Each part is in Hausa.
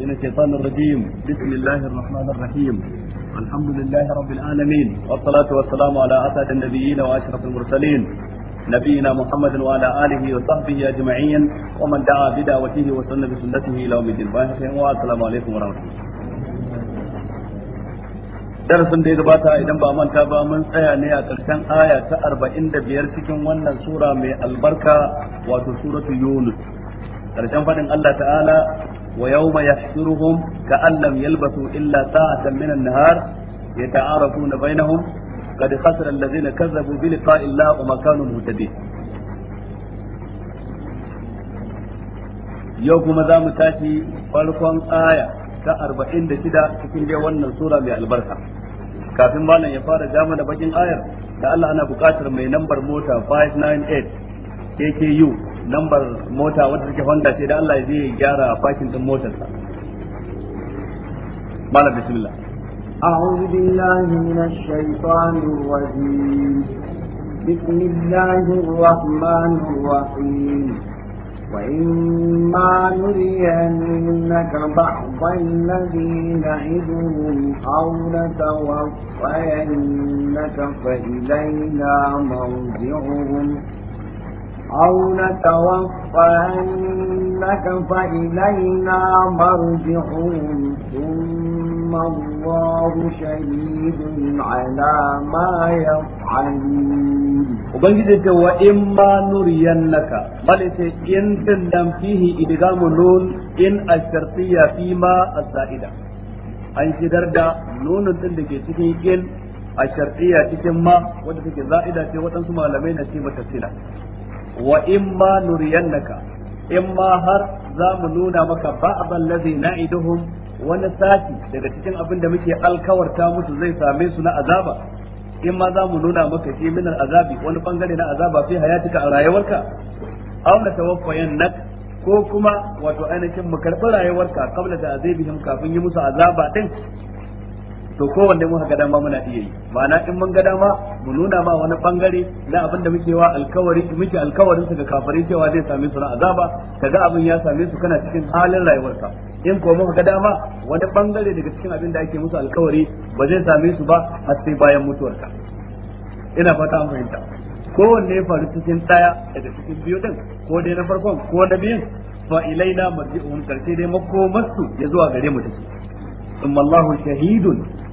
من الشيطان الرجيم بسم الله الرحمن الرحيم الحمد لله رب العالمين والصلاة والسلام على أسعد النبيين وأشرف المرسلين نبينا محمد وعلى آله وصحبه أجمعين ومن دعا بدعوته وسن بسنته إلى يوم الدين والسلام عليكم ورحمة الله درس da ya gabata idan ba manta ba mun tsaya ne a ƙarshen aya ta arba'in da biyar cikin wannan sura mai albarka wato suratu ويوم يحشرهم كأن لم يلبثوا إلا ساعة من النهار يتعارفون بينهم قد خسر الذين كذبوا بلقاء الله وما كانوا مهتدين yau kuma za mu tashi farkon aya ta arba'in da shida cikin dai wannan sura mai albarka kafin malam ya fara jama bakin ayar da Allah ana buƙatar mai nambar mota 598 KKU lambar mota wadda take Honda ce da Allah ya je ya gyara fakin din motarsa malam bismillah أعوذ بالله من الشيطان الرجيم بسم الله الرحمن الرحيم وإما نرينك بعض الذين نعدهم أو نتوفينك فإلينا مرجعهم أو نتوفينك فإلينا مرجعون ثم الله شهيد على ما يفعلون وبنجد وإما نرينك بل إن تندم فيه إدغام نون إن الشرطية فيما الزائدة أي شدر نون تندك تكيكين إن a shar'iyya زائدة ma wadda take za'ida wa ma nuriyannaka ma har za mu nuna maka ba'dal ladhi na'iduhum wani sati daga cikin abin da muke alkawarta musu zai same su na azaba in ma za mu nuna maka shi minar azabi wani bangare na azaba fi hayatika a rayuwarka aw na tawaffayan nak ko kuma wato ainihin mu karɓi rayuwarka kabla da azabihim kafin yi musu azaba din to kowanne muka ga dama muna iya yi ma'ana in mun ga dama mu nuna ma wani bangare na abin da muke wa alkawari muke alkawarin su ga kafirai cewa zai same su na azaba kaga abin ya same su kana cikin halin rayuwarka in ko muka ga dama wani bangare daga cikin abin da ake musu alkawari ba zai same su ba har sai bayan mutuwarka ina fata an fahimta kowanne ya faru cikin daya daga cikin biyu din ko dai na farkon ko na biyun fa ilaina marji'un karshe dai makomarsu ya zuwa gare mu take ثم الله شهيد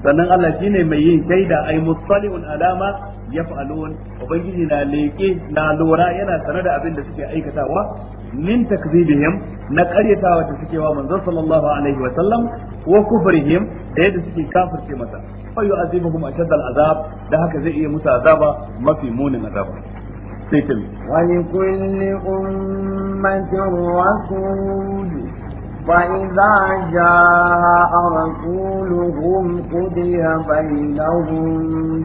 sannan Allah ne mai yin shaida ai mutsalihun alama yaf'alun ubangiji na leke na lura yana sanar da abin da suke aikatawa min takzibihim na karyatawa da suke wa manzon sallallahu alaihi wa sallam wa kufrihim da yadda suke kafirce masa fa yu'azibuhum ashadda al'azab da haka zai iya musu azaba mafi munin azaba sai ta ولكل أمة رسول فإذا جاء رسولهم قضي بينهم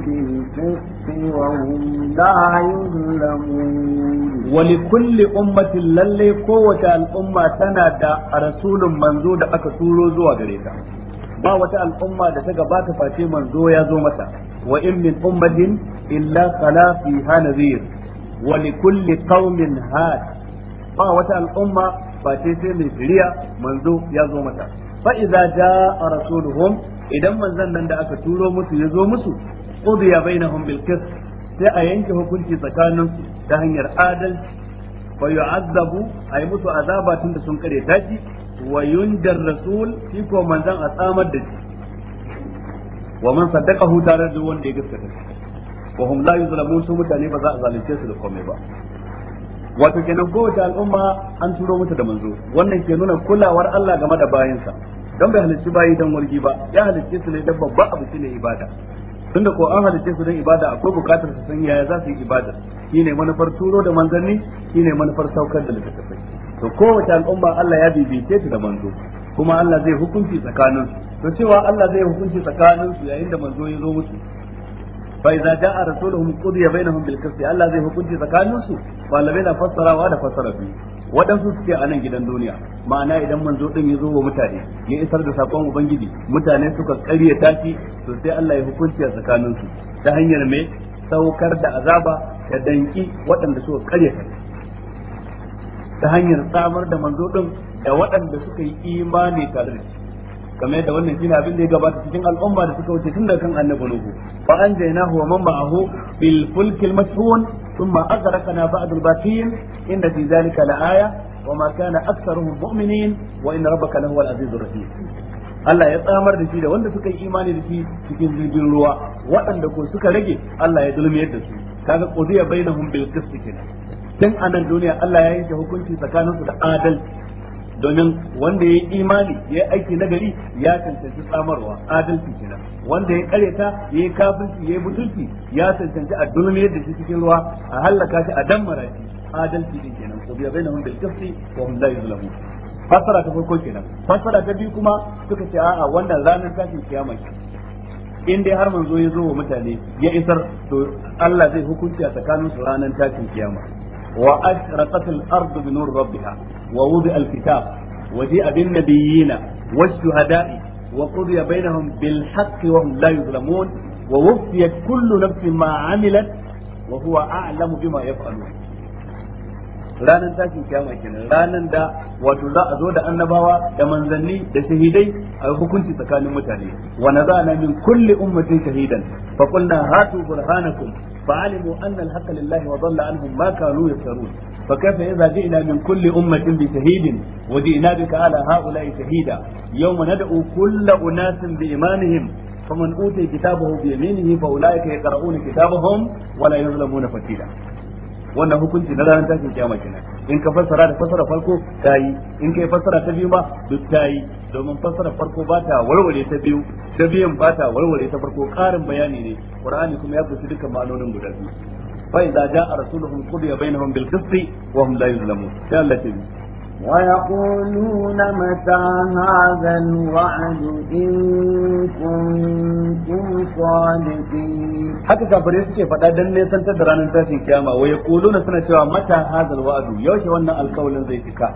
بالقسط وهم لا يظلمون ولكل أمة للي قوة الأمة سنة رسول منزود أكسولو زوى غريتا ba wata al'umma da ta gabata face manzo ya zo mata wa in min ummatin illa khala fiha nadhir wa li kulli qaumin had ba wata al'umma face sai mai firiya manzo ya zo mata fa idza jaa rasuluhum idan manzan nan da aka turo musu ya zo musu qudiya bainahum bil qist sai a yanke hukunci tsakanin ta hanyar adalci fa yu'azzabu ay musu azaba tunda sun kare tashi wa yunjar rasul shi ko manzon a tsamar da shi wa man saddaqahu tare da wanda ya gaskata wa hum la su mutane ba za a zalunce su da komai ba wato kenan kowace al'umma an turo mata da manzo wannan ke nuna kulawar Allah game da bayansa don bai halicci bayi dan wargi ba ya halicce su ne dan babba abu shine ibada tunda ko an halicce su dan ibada akwai bukatar su san yaya za su yi ibada shine manufar turo da manzanni shine manufar saukar da littattafai to kowace al'umma Allah ya bibice ta da manzo kuma Allah zai hukunci tsakaninsu to cewa Allah zai hukunci tsakaninsu yayin da manzo ya zo musu fa idza jaa rasuluhum qudiya bainahum bil qist Allah zai hukunci tsakanin su na fassarawa da fassara biyu waɗansu suke a nan gidan duniya ma'ana idan manzo din ya zo wa mutane ya isar da sakon ubangiji mutane suka karya tashi to sai Allah ya hukunci a tsakanin su ta hanyar me saukar da azaba ta danki waɗanda suka karya ta hanyar samar da manzo din da waɗanda suka yi imani tare da shi kamar yadda wannan shine abin da ya gabata cikin al'umma da suka wuce tun da kan annabi nuhu fa anjaynahu wa man ma'ahu bil fulkil mashhun thumma aghraqna ba'd al inna fi dhalika la aya wa ma kana aktharuhum mu'minin wa inna rabbaka lahu al azizur rahim Allah ya tsamar da shi da wanda suka yi imani da shi cikin jirgin ruwa waɗanda ko suka rage Allah ya dulmiyar da su kaga qudiya bainahum bil qist kenan tun anan duniya Allah ya yanke hukunci tsakaninsu da adalci domin wanda ya yi imani ya yi aiki nagari ya cancanci samarwa adalci kenan wanda ya kareta ya yi kafinci ya yi butulci ya cancanci a dulmiyar da shi cikin ruwa a hallaka shi a dammara shi adalci din kenan ko biya wanda ya qist wa hum la yuzlamun fassara ta farko kenan fassara ta biyu kuma suka ce a'a wannan ranar tashin kiyama in dai har manzo ya zo wa mutane ya isar to Allah zai hukunci a tsakanin su ranar tashin kiyama wa ashraqatil ardu bi nur rabbiha wa wudi alkitab wa ji abin nabiyina wa shuhada'i wa qudiya bainahum bil haqqi wa hum la wa wufiyat kullu nafsin ma amilat wa a'lamu bima ranan tashin kiyama kenan ranar da wato za a zo da annabawa da manzanni da shahidai a hukunci tsakanin mutane wa na min kulli ummatin shahidan fa qulna hatu burhanakum fa alimu anna al-haqqa lillahi wa dhalla anhum ma kanu yaftarun فكيف إذا جئنا من كل أمة بشهيد وجئنا بك على هؤلاء شهيدا يوم ندعو كل أناس بإيمانهم فمن أوتي كتابه بيمينه فأولئك يقرؤون كتابهم ولا يظلمون فتيلا wannan hukunci na ranar tashin kiyama kenan in ka fassara da fassara farko ta yi in kai fassara ta biyu ba duk ta yi domin fassara farko ba ta warware ta biyu ta biyun ba ta warware ta farko karin bayani ne qur'ani kuma ya fushi dukkan ma'anonin guda biyu فإذا جاء رسولهم قضي بينهم بالقسط وهم لا يظلمون يا التي ويقولون متى هذا الوعد إن كنتم صادقين حتى كافر يسكي فتا دن سنة دران تاسين كياما ويقولون سنة شوى متى هذا الوعد يوشي وانا القول انزي فكا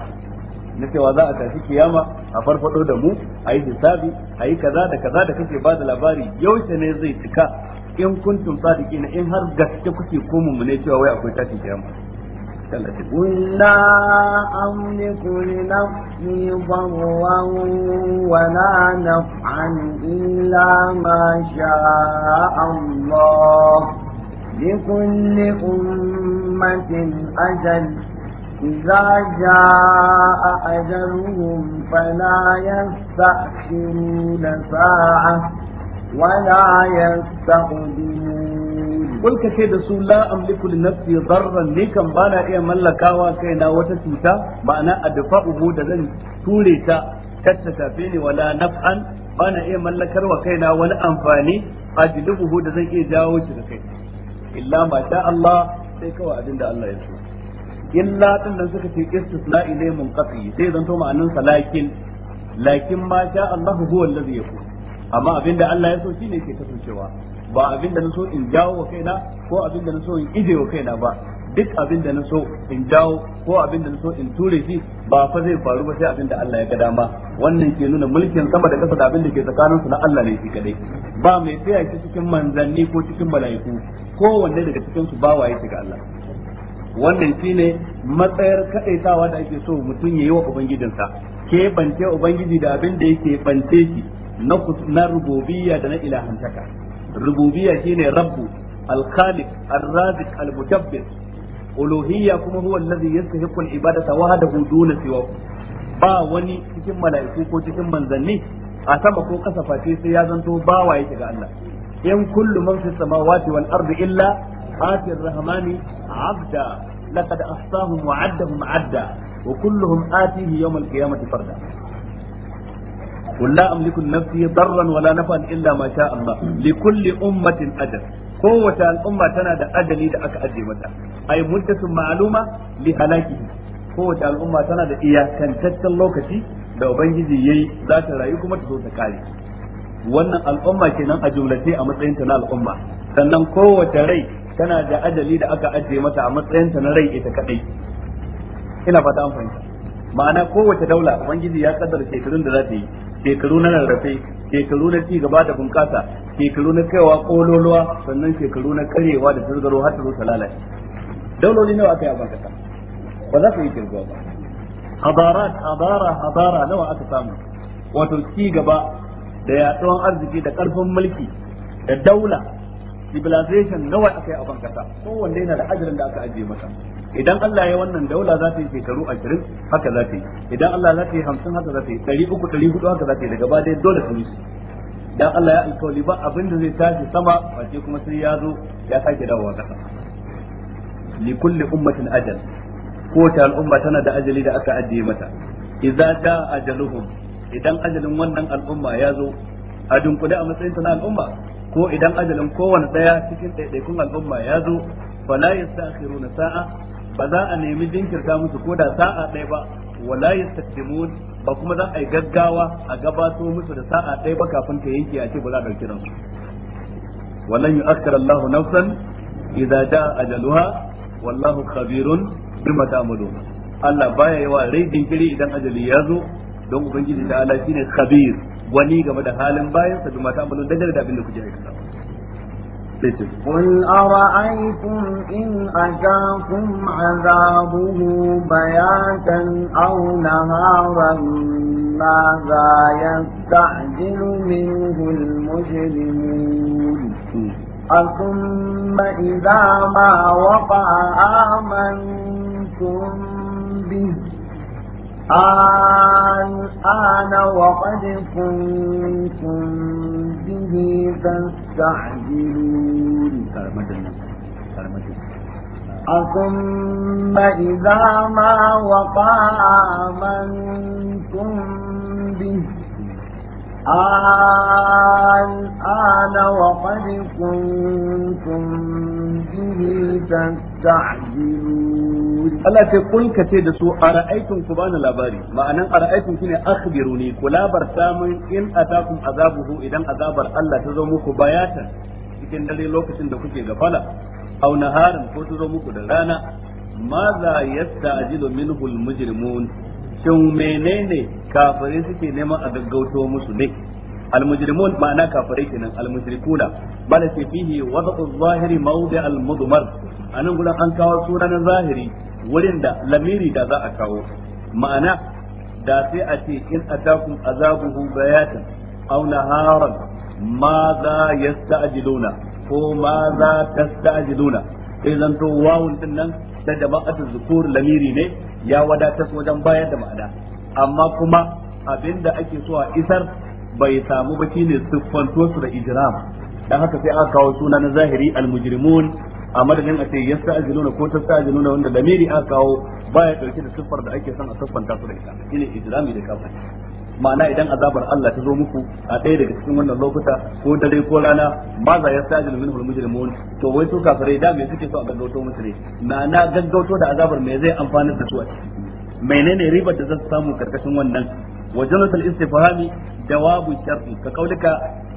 na cewa za a tafi kiyama a farfado da mu a yi hisabi a yi kaza da kaza da kake ba da labari yaushe ne zai cika in kuntum sadiqin in har gaske kuke ko mun ne cewa wai akwai tashin kiyama Allah ta kunna amni kunna ni bawwa wa la naf'an illa ma sha Allah li kulli ummatin ajal إذا جاء أجلهم فلا يستأخرون ولا يستقدمون قل كشي da su la amliku li nafsi darran ni kan bana iya mallakawa kaina wata cuta ma'ana adfa'u da zan ture ta katta tafe ni wala naf'an bana iya mallakarwa kaina wani amfani ajlubuhu da zan iya jawo shi kai illa ma sai kawai abin Allah ya so illa din nan suka ce istisna'i ne munqati sai sa lakin lakin ma Allah amma da Allah ya so shi ne ke kasancewa ba abinda na so in jawo wa kaina ko abinda na so in ije wa kaina ba duk abinda na so in jawo ko abinda na so in ture shi ba fa zai faru ba sai abinda Allah ya ga dama wannan ke nuna mulkin sama da kasa da abinda ke tsakanin su na Allah ne shi kadai ba mai tsaya shi cikin manzanni ko cikin mala'iku ko wanne daga cikin su waye shi ga Allah wannan shine matsayar kadaitawa da ake so mutum yayi wa ubangijinsa ke bance ubangiji da abin da yake bance shi na rububiya rububiyya da na ilahantaka rububiyya shine rabbu al-khaliq ar-raziq al mutabbir uluhiyya kuma huwa allazi yastahiqu al-ibadata wahdahu duna siwahu ba wani cikin mala'iku ko cikin manzanni a sama ko kasa face sai ya zanto bawa yake ga Allah in kullu man fis samawati wal ardi illa ati ar-rahmani 'abda laqad ahsahum wa 'addahum 'adda wa kulluhum atihi yawm al-qiyamati farda قل لا أملك نفسي ضرا ولا نفعا إلا ما شاء الله لكل أمة أجل قوة الأمة تنادى أجلي دعك أجي متى أي مدة معلومة لهلاكه قوة الأمة تنادى إياه كان تتلوكتي da ubangiji yayi za ta rayu kuma ta zo ta kare wannan al'umma kenan a jumlace a matsayin ta na al'umma sannan kowace rai tana da ajali da aka ajiye mata a matsayin ta na rai ita kadai ina fata an fahimta ma'ana kowace daula ubangiji ya kaddara shekarun da za ta yi shekaru na rarrafe shekaru na cigaba da bunƙasa shekaru na kaiwa kololuwa sannan shekaru na karewa da turgaro har ta zo ta lalace dauloli nawa aka yi a bankasa? ba za ka yi kirgo ba habara habara habara nawa aka samu wato cigaba da yaɗuwan arziki da ƙarfin mulki da daula civilization nawa aka yi a bankasa kowanne yana da ajirin da aka ajiye masa idan Allah ya wannan daula za ta yi shekaru 20 haka za ta yi idan Allah za ta yi 50 haka za ta yi 300 400 haka za ta yi daga ba dai dole su yi dan Allah ya alkawali ba abin da zai tashi sama wace kuma sai ya zo ya sake dawowa kasa li kulli ummatin ajal ko ta al'umma tana da ajali da aka ajiye mata idza ta ajaluhum idan ajalin wannan al'umma ya zo a dunkule a matsayin ta na al'umma ko idan ajalin kowane daya cikin ɗaiɗaikun al'umma ya zo fala yastakhiruna sa'a ba za a nemi jinkirta musu ko da sa'a ɗaya ba wala yastaqdimun ba kuma za a yi gaggawa a gabato musu da sa'a ɗaya ba kafin ka yanke a ce ba za a ɗauki ransu yi yu'akhkira Allah nafsan idza jaa ajaluha wallahu khabirun bima ta'malun Allah baya yawa rai jinkiri idan ajali ya zo don ubangiji da Allah shine khabir wani game da halin bayansa bima ta'malun dangane da abin da kuke aikata قل أرأيتم إن أتاكم عذابه بياتا أو نهارا ماذا يستعجل منه المجرمون أثم إذا ما وقع آمنتم به الآن وقد كنتم به تستعجلون أثم إذا ما وقع آمنتم به الآن وقد كنتم به تستعجلون Allah ce kun ce da su a ra'aitun ku bani labari ma'anan a ra'aitun shine akhbiruni ku labarta min in atakum azabuhu idan azabar Allah ta zo muku bayata, cikin dare lokacin da kuke gafala aw naharan ko ta zo muku da rana ma za yasta'jilu minhu al-mujrimun shin menene kafirai suke neman a gaggauto musu ne almujrimun ma'ana kafirai kenan almushrikuna bala sai fihi wada'u zahiri mawdi almudmar anan gudan an kawo sura na zahiri wurin da lamiri da za a kawo ma'ana da sai a ce in atakum azabuhu bayatan aw naharan ma za yasta'jiluna ko ma za tasta'jiluna sai zan to wawun din nan da jama'atu zukur lamiri ne ya wadatar wajen bayar da ma'ana amma kuma abinda ake so a isar bai samu ba shine siffanto su da ijram dan haka sai aka kawo suna na zahiri almujrimun a madadin a ce yasta'jiluna ko tasta'jiluna wanda lamiri aka kawo baya dauke da siffar da ake son a siffanta su da ita shine ijrami da kafirci ma'ana idan azabar Allah ta zo muku a ɗaya daga cikin wannan lokuta ko dare ko rana ma za ya sajil minhul mujrimun to wai su kafirai da me suke so a gaggauto musu ne ma'ana gaggauto da azabar me zai amfana da su a ciki menene ribar da zan samu karkashin wannan wajen وجملة ka جواب الشرط كقولك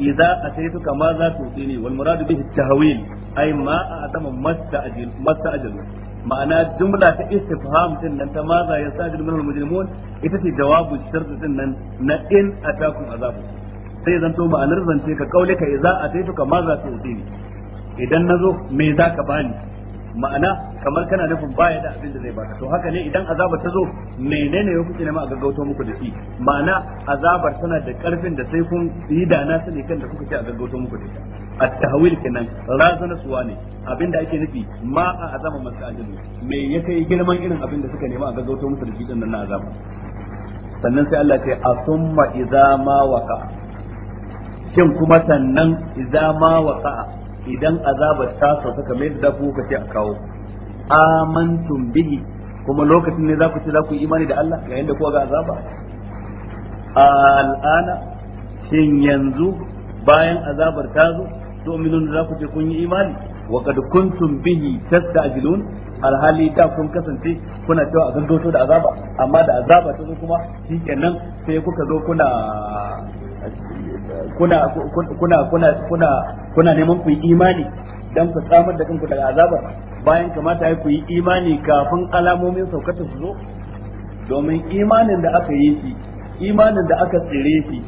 إذا أتيتك ماذا تعطيني والمراد به التهويل أي ma أعتم masta استأجل masta استأجل ma'ana jumla ta istifham din nan ta maza ya sajid minal mujrimun ita ce jawabu shart din nan na in atakum azabu sai zanto ma'anar zance ka kaule ka idza ka maza tu'tini idan nazo me ka bani ma'ana kamar kana nufin baya da abin da zai baka to haka ne idan azaba ta zo menene ya kuke nema a gaggauto muku da shi ma'ana azabar tana da karfin da sai kun yi dana su ne kan da kuka ce a gaggauto muku da shi at-tahwil kenan razana ne abin da ake nufi ma a azaba masu ajalu me ya kai girman irin abin da suka nema a gaggauto musu da shi din nan na azaba sannan sai Allah ya ce asumma idza ma waqa kin kuma sannan idza ma waqa idan azabar ta sauka kamar yadda ku ce a kawo amantum bihi kuma lokacin ne za ku ce za ku yi imani da Allah yayin da kuwa ga azaba al'ana shin yanzu bayan azabar ta zo to minun za ku ce kun yi imani wa kad kuntum bihi tasta'jilun alhali ta kun kasance kuna cewa a gaggauto da azaba amma da azaba ta zo kuma shikenan sai kuka zo kuna kuna kuna kuna kuna kuna neman ku yi imani dan ku tsamar da kanku daga azabar bayan kamata ya ku yi imani kafin alamomin saukata su zo domin imanin da aka yi shi imanin da aka tsire shi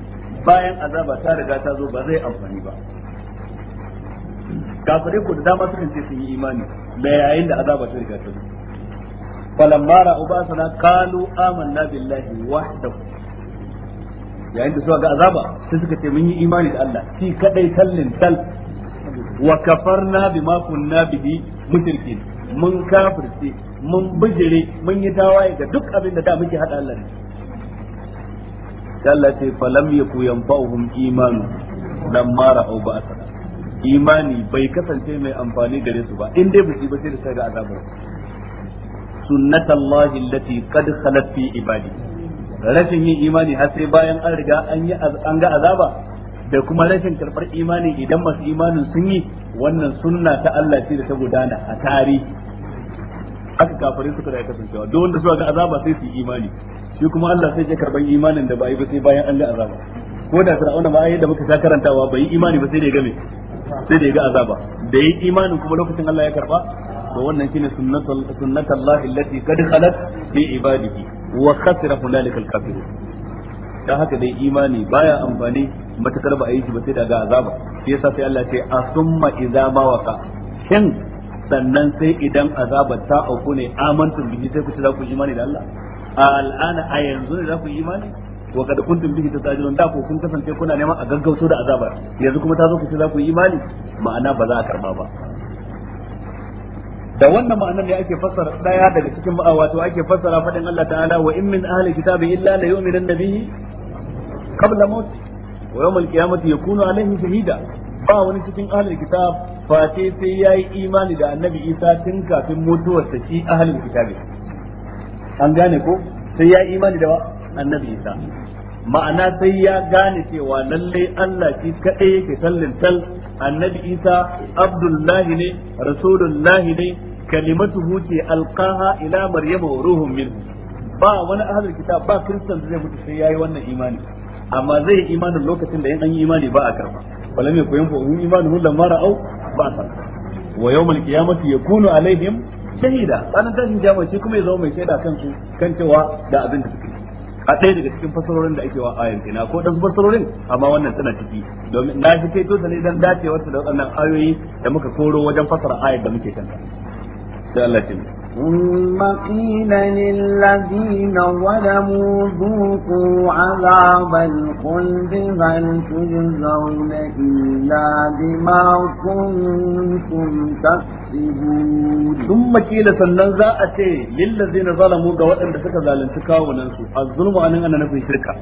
bayan azaba ta riga ta zo ba zai amfani ba kafare ku da dama sukan ce sun yi imani da yayin da azaba ta riga ta zo falamma ra'u ba sana qalu amanna billahi wahdahu yayin da suka ga azaba sai suka ce mun yi imani da Allah shi kadai tallin tal wa kafarna bima kunna bihi mushrikin mun kafirce mun bijire mun yi tawaye ga duk abin da da muke hada Allah ne Allah ce falam yaku yanfa'uhum imanu lamma ra'u ba'sa imani bai kasance mai amfani gare su ba in dai ba ba sai da sai ga azabar sunnatullahi allati qad khalat fi ibadihi rashin yin imani har sai bayan an riga an yi an ga azaba da kuma rashin karɓar imani idan masu imanin sun yi wannan sunna ta Allah ce da ta gudana a tarihi aka kafirin suka da aikatan cewa duk wanda suka ga azaba sai su yi imani shi kuma Allah sai ya karban imanin da ba yi ba sai bayan an ga azaba ko da fir'auna ma ayyar da muka sa karantawa bai yi imani ba sai da ya game sai da ya ga azaba da ya yi imanin kuma lokacin Allah ya karba to wannan shine sunnatul sunnatullahi allati qad khalat fi ibadihi wa khasira hunalika al-kafirun dan haka dai imani baya amfani matakar ba a yi shi ba sai daga azaba shi yasa sai Allah ce asumma idza ma waqa shin sannan sai idan azaba ta auku ne amantum bihi sai ku ci za ku imani da Allah a al'ana a yanzu ne za ku imani wa kad kuntum bihi tasajilun da ko kun kasance kuna neman a gaggauto da azaba yanzu kuma ta zo ku ci za ku imani ma'ana ba za a karba ba da wannan ma'anar ne ake fassara daya daga cikin wato ake fassara fadin Allah ta'ala wa in min ahli kitabi illa la yu'minu bihi qabla mawti wa yawm al-qiyamati yakunu alayhi shahida ba wani cikin ahli kitab fa sai sai yayi imani da annabi Isa tun kafin mutuwar sa shi ahli kitabi an gane ko sai ya imani da annabi Isa ma'ana sai ya gane cewa lallai Allah shi kadai yake sallin tal annabi Isa abdullahi ne rasulullahi ne kalimatuhu ce alqaha ila maryama wa ruhun min ba wani ahlul kitab ba kristan zai mutu sai yayi wannan imani amma zai yi imanin lokacin da in an yi imani ba a karba walam yakun fa'um imanuhu lamma au ba ta wa yawmal qiyamati yakunu alaihim shahida ranar tashin jama'a shi kuma ya zama mai shaida kansu kan cewa da abin da suke a ɗaya daga cikin fasarorin da ake wa ayan kina ko dan fasarorin amma wannan tana ciki domin na shi kai to ne dan wata da waɗannan ayoyi da muka koro wajen fasara ayar da muke kanta sai ثم قيل للذين ظلموا ذوقوا عذاب الخلد بل تجزون إلا بما كنتم تكسبون ثم قيل سننزا أتي للذين ظلموا دواء أن تسكى ذلك تكاو ننسو الظلم أن أنا نفي شركة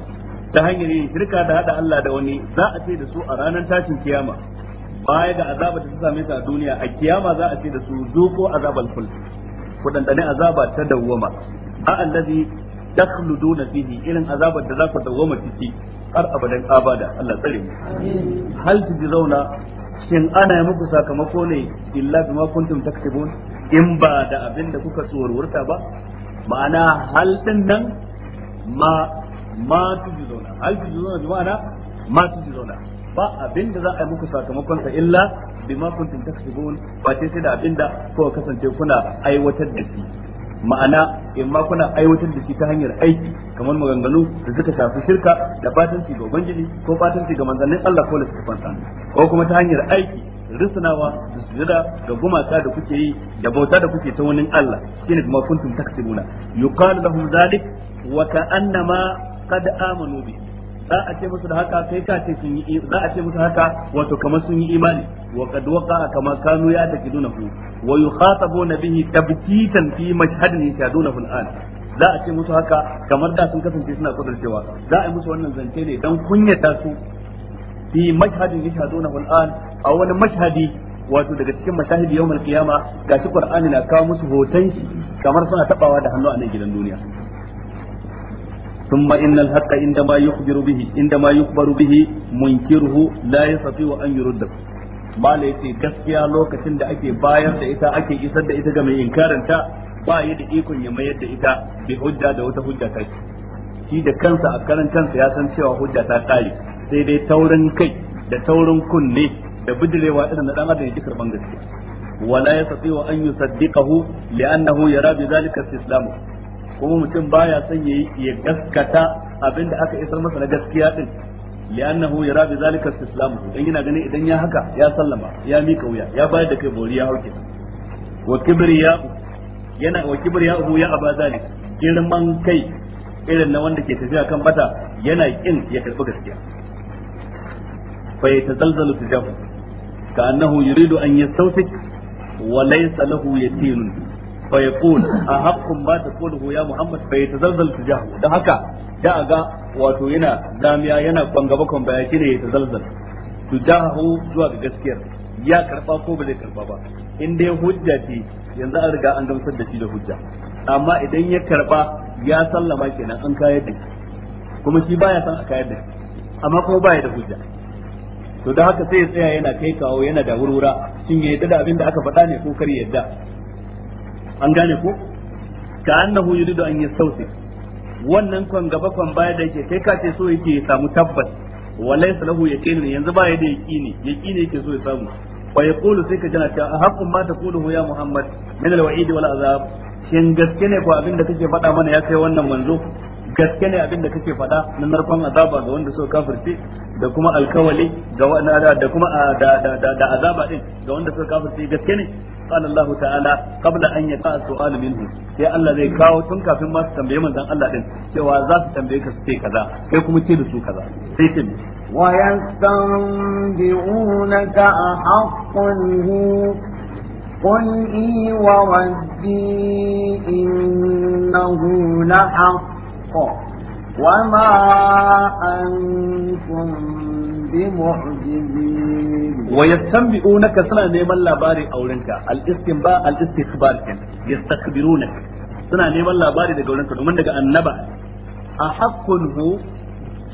تهيني شركة yin ألا da hada أتي دسوء رانا za كياما baya ga azaba da ta same ta a duniya a kiyama za a ce da su zuko azabal kul ku dandane azaba ta dawwama a allazi takhluduna fihi irin azabar da za ku dawwama ciki har abadan abada Allah tsare mu hal tujzauna shin ana yi muku sakamako ne illa bima kuntum taktibun in ba da abin da kuka tsorurta ba ma'ana hal din nan ma ma tujzauna hal tujzauna bi ma'ana ma tujzauna ba abinda za a yi muku sakamakon sa illa ma kuntum taksubun ba sai da abin da ko kasance kuna aiwatar da shi ma'ana in ma kuna aiwatar da shi ta hanyar aiki kamar maganganu da suka shafi shirka da fatanci ga ubangiji ko fatanci ga manzannin Allah ko sa ko kuma ta hanyar aiki risnawa da sujada ga gumaka da kuke yi da bauta da kuke ta wani Allah shine ma kuntum taksibuna yuqalu lahum zalik wa ka'annama qad amanu bihi za a ce musu da haka sai ka ce sun yi za a ce musu haka wato kamar sun yi imani wa qad waqa kama kanu ya taqidunahu wa yukhatabuna bihi tabkitan fi mashhadin yashadunahu al'an za a ce musu haka kamar da sun kasance suna kudurcewa za a yi musu wannan zance ne dan kunyata su fi mashhadin yashadunahu al'an a wani mashhadi wato daga cikin mashahidi yawmal qiyama gashi qur'ani na kawo musu hoton shi kamar suna tabawa da hannu a nan gidan duniya ثم إن الحق عندما يخبر به عندما يخبر به منكره لا يستطيع أن يرده ما ليس gaskiya lokacin da ake bayar da ita ake isar da ita ga mai inkaranta ba ya da ikon ya mayar da ita bi hujja da wata hujja ta shi da kansa a karan kansa ya san cewa hujja ta kare sai dai taurin kai da taurin kunne da bidirewa irin na dan adam yake karban gaskiya wala yastati wa an yusaddiqahu li'annahu yara bi zalika islamu kuma mutum baya son yayi ya gaskata abin da aka isar masa na gaskiya din li'annahu yara bi zalika istislamu dan yana ganin idan ya haka ya sallama ya mika wuya ya bayar da kai bori ya hauke wa kibriya yana wa kibriya hu ya aba zalik girman kai irin na wanda ke tafiya kan bata yana kin ya karbi gaskiya fa yatazalzalu tijahu ka annahu yuridu an yastawfik wa laysa lahu yatinun a فيقول أحق ما تقوله يا ta فيتزلزل تجاهه jihar هكا haka ya a ga wato yana كونغبكم yana يتزلزل تجاهه زوا بجسكير ya ta jihar zuwa gaskiyar ya karba ko ba zai karba ba inda ya hujja ce yanzu a riga an gamsar da shi da hujja amma idan ya karba ya sallama kenan an kayar da kuma shi baya san a kayar da shi amma kuma baya da hujja to da haka sai ya tsaya yana kai kawo yana da wurwura shin ya yadda da abin da aka faɗa ne ko kar yadda an gane ko ka annahu yuridu an yastawsi wannan kon gaba kon baya da yake kai ka ce so yake ya samu tabbas walaysa lahu yaqinun yanzu baya da yaqini yaqini yake so ya samu wa yaqulu sai ka jana ta haqqun ma taquluhu ya muhammad min alwa'id wal azab shin gaske ne ko abin da kake faɗa mana ya kai wannan manzo gaske ne abin da kake faɗa na narkon azaba ga wanda suka kafirce da kuma alkawali ga wanda da kuma da da da azaba din ga wanda suka kafirce gaske ne qala Allah ta'ala qabla an yata su'al minhu sai Allah zai kawo tun kafin ma su tambaye manzon Allah din cewa za su tambaye ka su ce kaza kai kuma ce da su kaza sai ce ويستنبئونك أحق هو قل إي وربي إنه لحق الحق وما أنتم بمعجزين ويستنبئونك سنة نيمان لاباري أولنك الاستنباء الاستخبار كان يستخبرونك سنة نيمان لاباري دقا أولنك ومن دقا النبع أحق هو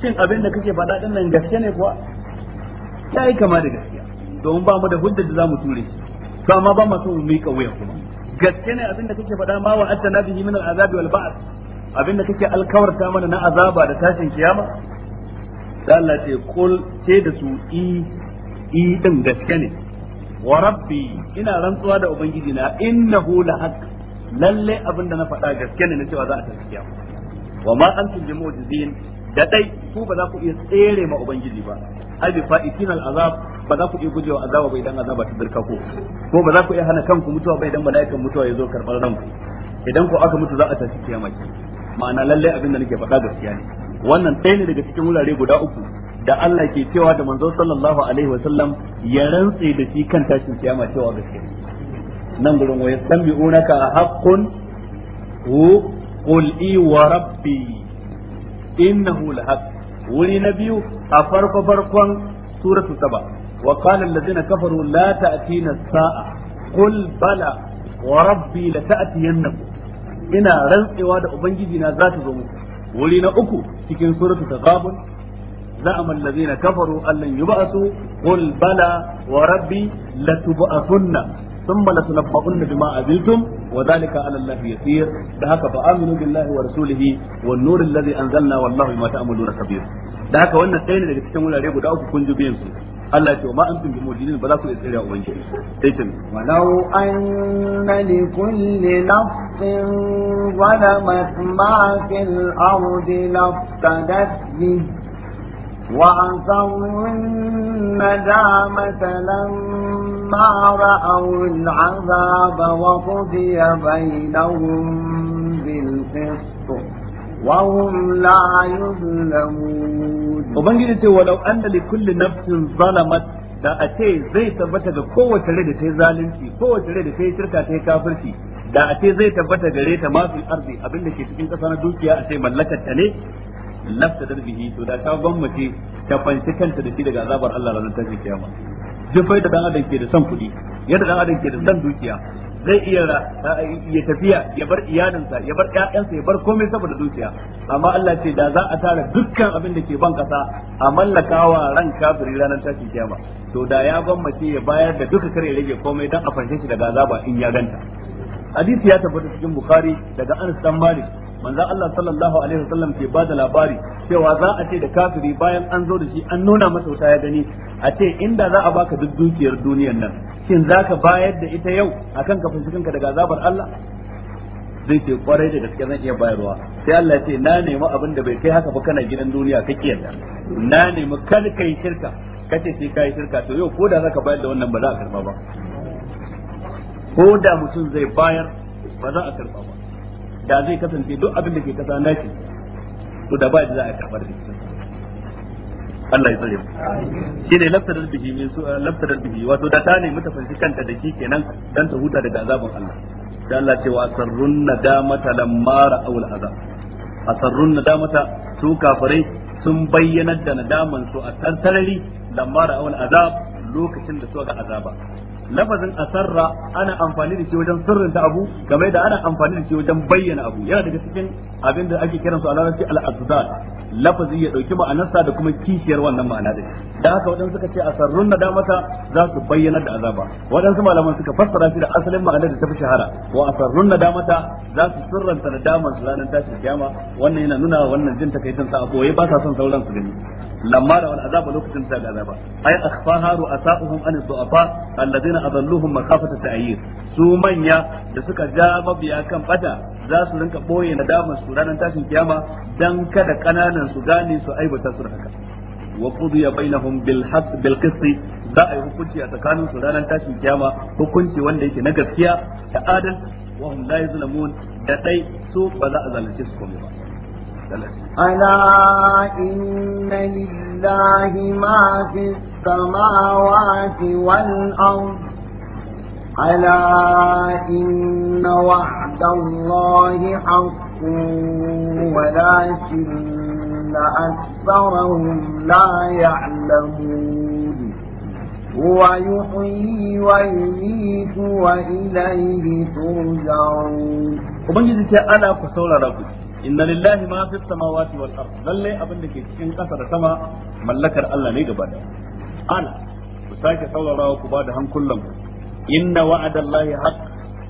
shin abin da kake faɗa ɗin nan gaske ne kuwa ya yi kama da gaskiya domin ba mu da hujjar da za mu ture shi to ba mu so mu miƙa wuya kuma gaske ne abin da kake faɗa ma wa'adta na bihi min al-azabi wal ba'th abinda kake alkawarta mana na azaba da tashin kiyama da Allah ce kul ce da su i i din gaske ne wa rabbi ina rantsuwa da ubangiji na innahu la haq lalle abinda na faɗa gaske ne na cewa za a tafi kiyama wa ma antum bi mu'jizin da dai ku ba za ku iya tsere ma ubangiji ba ai bi fa'itin al'azab ba za ku iya gujewa azaba bai dan azaba ta dirka ko ko ba za ku iya hana kanku mutuwa bai dan mala'ikan mutuwa ya zo karɓar ranku idan ku aka mutu za a tafi kiyama ma'ana lallai abin da nake faɗa gaskiya ne wannan ɗaya ne daga cikin wurare guda uku da Allah ke cewa da manzo sallallahu alaihi wa sallam ya rantse da shi kan tashin kiyama cewa gaskiya nan gurin wa yasami'unaka haqqun hu qul i wa rabbi innahu lahaq wuri na biyu a farko farkon suratu saba wa qala kafar kafaru la ta'tina as-sa'a qul bala wa rabbi la ta'tiyannakum ina rantsewa da ubangiji na za ta zo muku wuri na uku cikin suratu tagabun za'ama allazina kafaru allan yub'asu qul bala wa rabbi latub'asunna thumma latunabba'unna bima abiltum wa dhalika 'ala allahi yaseer da haka fa aminu billahi wa rasulihi wan nuril ladzi anzalna wallahu bima ta'maluna Kabiru. da haka wannan ɗaya ne daga cikin wurare guda uku kun ji biyan su Allah ya ce ma antum bi mujinin ba za ku iya tsira ubangiji sai ce walau anna li kulli nafsin ma fil ardi laftadat bi وهم لا يظلمون وبنجد ولو أن لكل نفس ظلمت da a ce zai tabbata ga kowace rai da ta yi zalunci kowace rai da ta yi shirka ta yi kafirci da a ce zai tabbata gare ta mafi arzi abin da ke cikin ƙasa na dukiya a ce mallakar ta ne lafta darbihi to da ta gwammace ta fanci kanta da shi daga azabar Allah ranar tashin kiyama jifai da dan adam ke da son kuɗi yadda dan adam ke da son dukiya zai iya ya tafiya ya bar iyalinsa ya bar ƴaƴansa ya bar komai saboda dukiya amma Allah ce da za a tara dukkan abin da ke ban kasa a mallakawa ran kafiri ranar tashin kiyama to da ya mace ya bayar da duka kare rage komai dan a fanshe shi daga azaba in ya ganta hadisi ya tabbata cikin bukhari daga Anas dan Malik manzon Allah sallallahu alaihi wasallam ke bada labari cewa za a ce da kafiri bayan an zo da shi an nuna masa wuta ya gani a ce inda za a baka duk dukiyar duniyar nan shin zaka bayar da ita yau akan kafin fushi kanka daga azabar Allah zai ce kwarai da gaske zan iya bayarwa sai Allah ce na nemi abin da bai kai haka ba kana gidan duniya kake yarda na nemi kar kai shirka kace sai kai shirka to yau koda zaka bayar da wannan ba za a karba ba koda mutum zai bayar ba za a karba ba da zai kasance duk abin da ke kasa na shi to da ba da za a kafar da shi Allah ya tsare shi ne laftadar bihi min su eh, laftadar bihi wato da ta ne mutafanci kanta da shi kenan dan ta huta daga azabin Allah dan Allah ce wa sarrun nadamata lamma ra'aw azab asarrun nadamata su kafirai sun bayyana da nadaman su a tantarari lamma ra'aw azab lokacin da suka ga azaba lafazin asarra ana amfani da shi wajen sirrin ta abu game da ana amfani da shi wajen bayyana abu yana daga cikin abin da ake kiransu a larabci al-asdad lafazi ya dauki ma'anarsa da kuma kishiyar wannan ma'ana da da haka wadan suka ce asarrun nadamata za su bayyana da azaba wadansu malaman suka fassara shi da asalin ma'anar da ta fi shahara wa asarrun nadamata za su sirranta nadaman su ranar tashin kiyama wannan yana nuna wannan jin takaitin sa a koyi ba sa son sauran su gani lamma da wal azaba lokacin da ga azaba ay akhfaha ru'asa'uhum an du'afa alladhina adalluhum makhafata ta'yir su manya da suka ja mabiya kan bata za su rinka ɓoye nadaman su ranar tashin kiyama dan kada kananan su gane su aibata su haka wa qudiya bainahum bil haqq za a yi hukunci a tsakanin su tashin kiyama hukunci wanda yake na gaskiya da adal wa hum la yuzlamun da dai su ba za a zalunce su komai ba ألا إن لله ما في السماوات والأرض ألا إن وعد الله حق ولكن أكثرهم لا يعلمون هو يحيي ويميت وإليه ترجعون وبنجد أنا كسولا ربك inna lillahi ma fi samawati wal ard lalle abin da ke cikin ƙasa da sama mallakar Allah ne gaba da ala ku sake saurarawa ku ba da hankulan ku inna wa'adallahi haqq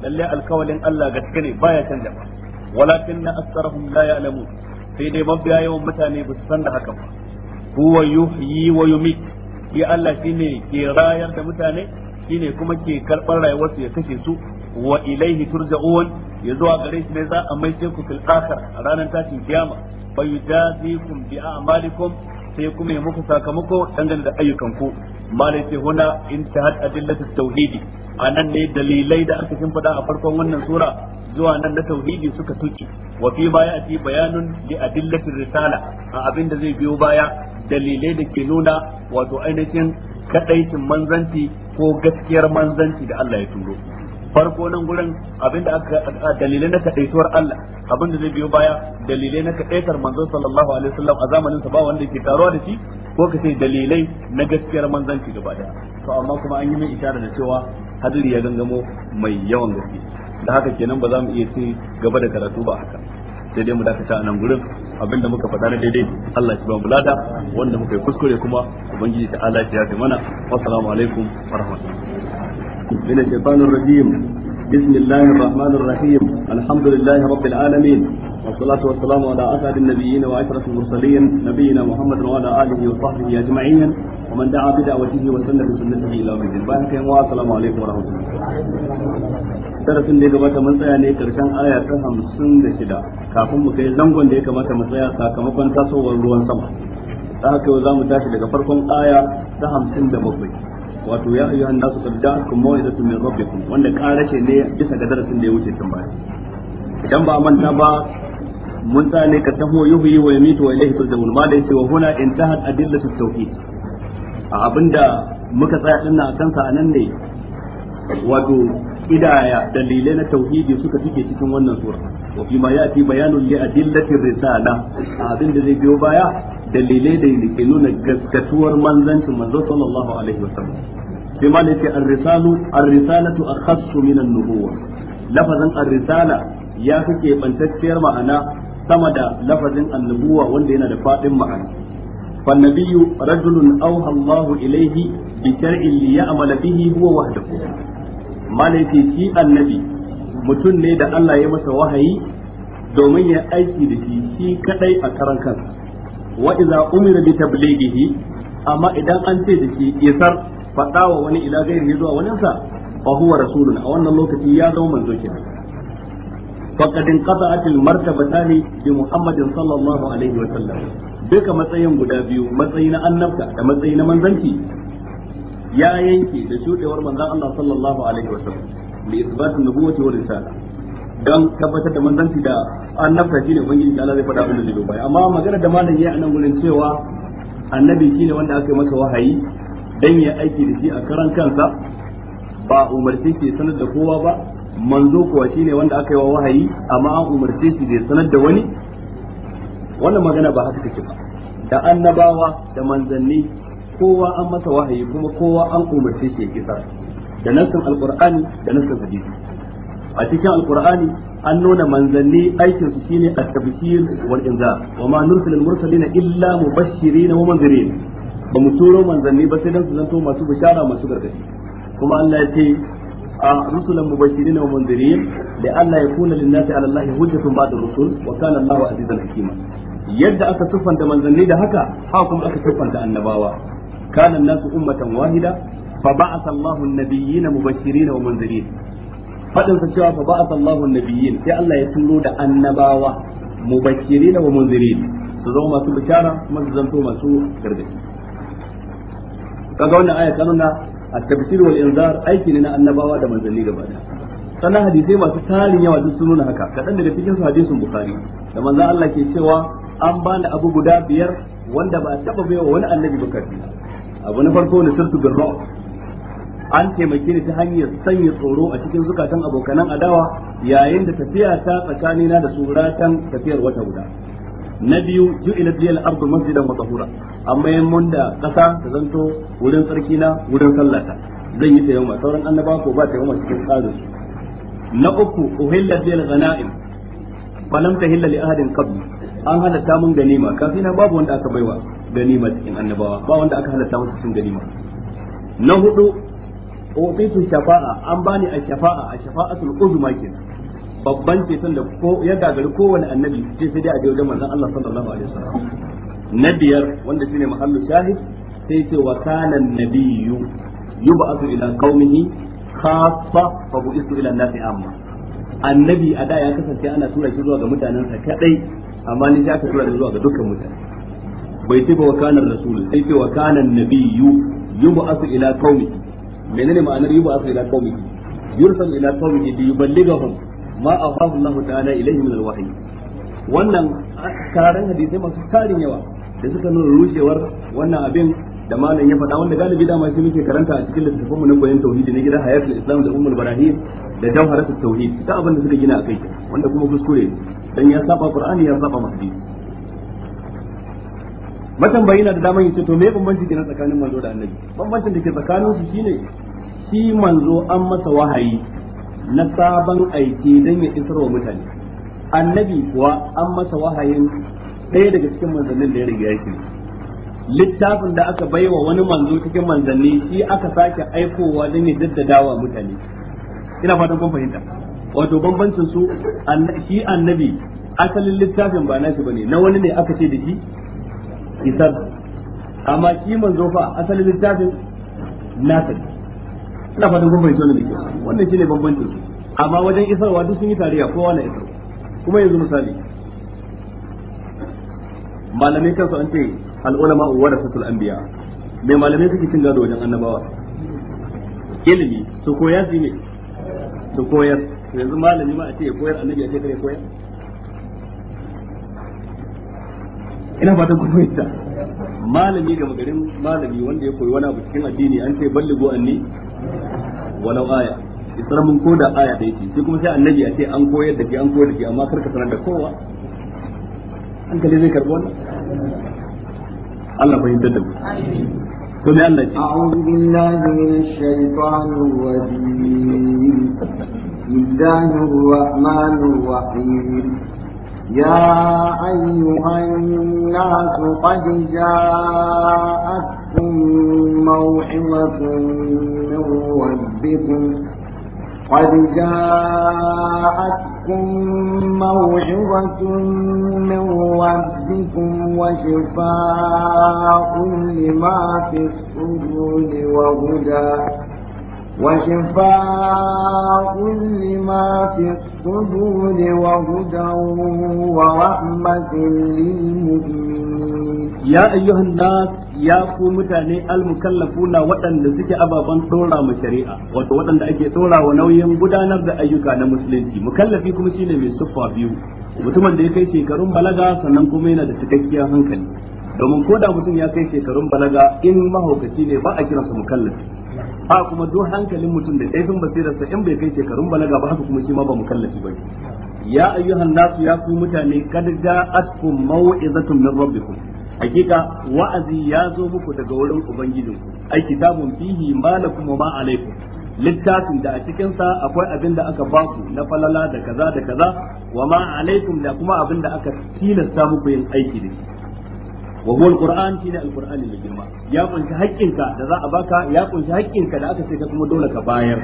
lalle alkawalin Allah gaske ne baya canja ba walakinna aktharuhum la ya'lamun sai dai mafiya yawan mutane ba su san da haka ba huwa yuhyi wa yumit ya Allah shine ke rayar da mutane shine kuma ke karɓar rayuwarsu ya kashe su wa ilaihi turja'un ya zuwa gare shi ne za a mai ku fil akhir a ranar tashin kiyama fa yujazikum bi a'malikum sai kuma ya muku sakamako dangane da ayyukan ku malai ce huna intahat adillatu tauhidi anan ne dalilai da aka faɗa a farkon wannan sura zuwa nan na tauhidi suka tuki wa fi bayanin ati bayanun li adillati risala a abin da zai biyo baya dalilai da ke nuna wato ainihin kadaitin manzanci ko gaskiyar manzanci da Allah ya turo farko nan gurin abinda aka dalilai na kadaituwar Allah abinda zai biyo baya dalilai na kadaitar manzo sallallahu alaihi wasallam a zamanin sa ba wanda yake taruwa da shi ko ka ce dalilai na gaskiyar manzanci gaba daya to amma kuma an yi min isharar da cewa hadiri ya gangamo mai yawan gaske da haka kenan ba za mu iya ci gaba da karatu ba haka sai dai mu dakata a nan gurin abinda muka faɗa na daidai Allah ya ba mu lada wanda muka yi kuskure kuma ubangiji ta Allah ya yi mana assalamu alaikum wa من الشيطان الرجيم بسم الله الرحمن الرحيم الحمد لله رب العالمين والصلاة والسلام على أسعد النبيين وأشرف المرسلين نبينا محمد وعلى آله وصحبه أجمعين ومن دعا بدعوته وسن بسنته إلى يوم الدين السلام عليكم ورحمة الله darasin da ya gabata mun tsaya ne karshen aya ta hamsin da shida kafin mu kai zangon da ya kamata mu tsaya sakamakon tasowar ruwan sama ta haka yau za mu tashi daga farkon aya ta hamsin da bakwai wato ya ayyuhan nasu qad ja'akum maw'izatun min rabbikum wanda ƙara karace ne bisa ga darasin da ya wuce tun baya idan ba manta ba mun tsane ka taho yuhyi wa yumitu wa ilayhi turja'un ma da yace wa huna intahat adillatu tauhid a abinda muka tsaya din a kansa anan ne wato idaya dalilai na tauhidi suka fike cikin wannan sura wa fi ma yati bayanun li adillati risala abin da zai biyo baya dalilai da yake nuna gaskatuwar manzancin manzo sallallahu alaihi wasallam sai ma ne ce ar-risalu ar-risalatu akhassu min an lafazin ar-risala ya fi keɓantacciyar ma'ana sama da lafazin annabuwa wanda yana da faɗin ma'ana rajulun رجل ilaihi الله إليه بشرع ليعمل به هو وحده ما ليتي شيء النبي mutum ne da Allah ya masa wahayi domin ya aiki da shi shi kadai a karan kansa wa idza umira bi tablighihi amma idan an ce da shi isar faɗa wa wani ila gairi ya zuwa waninsa fa huwa rasulun a wannan lokaci ya zama manzo kenan faqad inqata'at al-martabatani bi Muhammadin sallallahu alaihi wa sallam duka matsayin guda biyu matsayi na annabta da matsayi na manzanci ya yanke da shudewar manzon Allah sallallahu alaihi wa sallam li isbat an-nubuwati wa risala dan tabbatar da manzanci da annabta shine ubangiji Allah zai faɗa abin da zai amma magana da malam yayi a nan gurin cewa annabi shine wanda aka yi masa wahayi dan ya aiki da shi a karan kansa ba umarce shi sanar da kowa ba manzo kuwa shine wanda aka yi wa wahayi amma an umarce shi da sanar da wani wannan magana ba haka take ba da annabawa da manzanni kowa an masa wahayi kuma kowa an umarce shi ya kisa da nassin alqur'ani da nassin hadisi a cikin alqur'ani an nuna manzanni aikin su shine at-tabshir wal inzar wa ma nursilul mursalina illa mubashirin wa munzirin ba mu turo manzanni ba sai dan su zanto masu bishara masu gargadi kuma Allah ya ce a rusulan mubashirin wa mundirin da Allah ya kuna lin nasi ala Allah hujjatun ba'da rusul wa kana Allah azizan hakima yadda aka siffanta manzanni da haka haka kuma aka siffanta annabawa kana nasu ummatan wahida fa ba'atha Allahu an-nabiyyina mubashirin wa mundirin fadin sa cewa fa ba'atha Allahu an-nabiyyin sai Allah ya turo da annabawa mubashirin wa mundirin su zama masu bishara kuma su zanto masu gargadi kaga wannan aya ta nuna at-tabshir wal inzar aiki ne na annabawa da manzanni gaba daya sannan hadisai masu tarin yawa duk sun nuna haka kadan daga cikin su hadisin bukhari da manzo Allah ke cewa an bani abu guda biyar wanda ba taba wa wani annabi ba kafin abu na farko ne sirtu bil an taimake ni ta hanyar sanya tsoro a cikin zukatan abokanan adawa yayin da tafiya ta tsakanina da suratan tafiyar wata guda na biyu ju'ilat liyal ardu masjidan wa tahura amma yan munda kasa da zanto wurin sarki na wurin sallata zan yi tayyama sauran annaba ko ba tayyama cikin tsari na uku uhillat liyal ghanaim falam tahilla li ahadin qabl an halatta mun ganima kafina babu wanda aka baiwa ganima cikin annabawa ba wanda aka halatta musu cikin ganima na hudu uqitu shafa'a an bani a shafa'a a shafa'atul uzma kenan babban ceton da ko ya gagari kowane annabi ce sai dai a je wajen manzon Allah sallallahu alaihi wasallam na biyar wanda shine mahallu shahid sai ce wa kana nabiyyu yub'athu ila qaumihi khaffa fa bu'ithu ila nasi amma annabi a da ya kasance ana tura shi zuwa ga mutanensa kadai amma ni ka tura zuwa ga dukkan mutane bai ce ba wa kana rasul sai ce wa kana nabiyyu yub'athu ila qaumihi menene ma'anar yub'athu ila qaumihi yursal ila qaumihi li yuballighahum ma awahu Allah ta'ala ilayhi min alwahyi wannan karan hadisi masu tarin yawa da suka nuna rushewar wannan abin da malam ya faɗa wanda galibi da shi muke karanta a cikin littafin mu na koyon tauhidi na gidan hayatul islam da ummul barahim da jawharatul tauhid ta abin da suka gina a kai wanda kuma kuskure dan ya saba qur'ani ya saba mahdi matan bayina da daman yace to me bambanci ke tsakanin manzo da annabi bambancin da ke tsakanin su shine shi manzo an masa wahayi na sabon aiki don ya isar wa mutane annabi kuwa an masa wahayin ɗaya daga cikin manzannin da ya riga yake littafin da aka baiwa wani manzo cikin manzanni shi aka sake aikowa don ya jaddada wa mutane ina fatan kun fahimta wato bambancin su shi annabi asalin littafin ba nashi bane na wani ne aka ce da shi isar amma shi manzo fa asalin littafin nasa ne ina fatan kun bayyana da kyau wannan shine bambancin su amma wajen isarwa duk sun yi tariya kowa na isar kuma yanzu misali malamai kansu an ce al'ulama an anbiya me malamai suke cin gado wajen annabawa ilimi su koyar su ne su koyar yanzu malami ma a ce koyar annabi a ce kare koyar ina fatan kun fahimta malami ga magarin malami wanda ya koyi wani abu cikin addini an ce balligo anni walau aya isra mun koda aya da yake sai kuma sai annabi ya ce an koyar da ke an koyar da ke amma kar ka sanar da kowa an kalle zai karbi wannan Allah bai da mu to ne Allah ce a'udhu billahi minash shaitanir rajim bismillahir rahmanir rahim يا أيها الناس قد جاءت لكم موعظة من ربكم قد جاءتكم موعظة من ربكم وشفاء لما في الصدور وهدى وشفاء لما في الصدور وهدى ورحمة للمؤمنين ya ayyuhan nas ya ku mutane almukallafuna waɗanda suke ababen dora mu shari'a wato waɗanda ake dora wa nauyin gudanar da ayyuka na musulunci mukallafi kuma shine mai siffa biyu mutumin da ya kai shekarun balaga sannan kuma yana da cikakkiyar hankali domin ko da mutum ya kai shekarun balaga in mahaukaci ne ba a kiransa mukallafi a kuma duk hankalin mutum da kaifin basirarsa in bai kai shekarun balaga ba haka kuma shi ma ba mukallafi ba ya ayyuhan nasu ya ku mutane kad ja'atkum mau'izatun min rabbikum hakika wa'azi ya zo muku daga wurin ubangijinku ai kitabun fihi malakum wa ma alaikum littafin da a cikin sa akwai abin da aka baku na falala da kaza da kaza wa ma alaikum da kuma abin da aka tilasta muku yin aiki da shi wa huwa alquran shine alqur'ani mai ya kunshi haƙƙinka da za a baka ya kunshi haƙƙinka da aka ce ka kuma dole ka bayar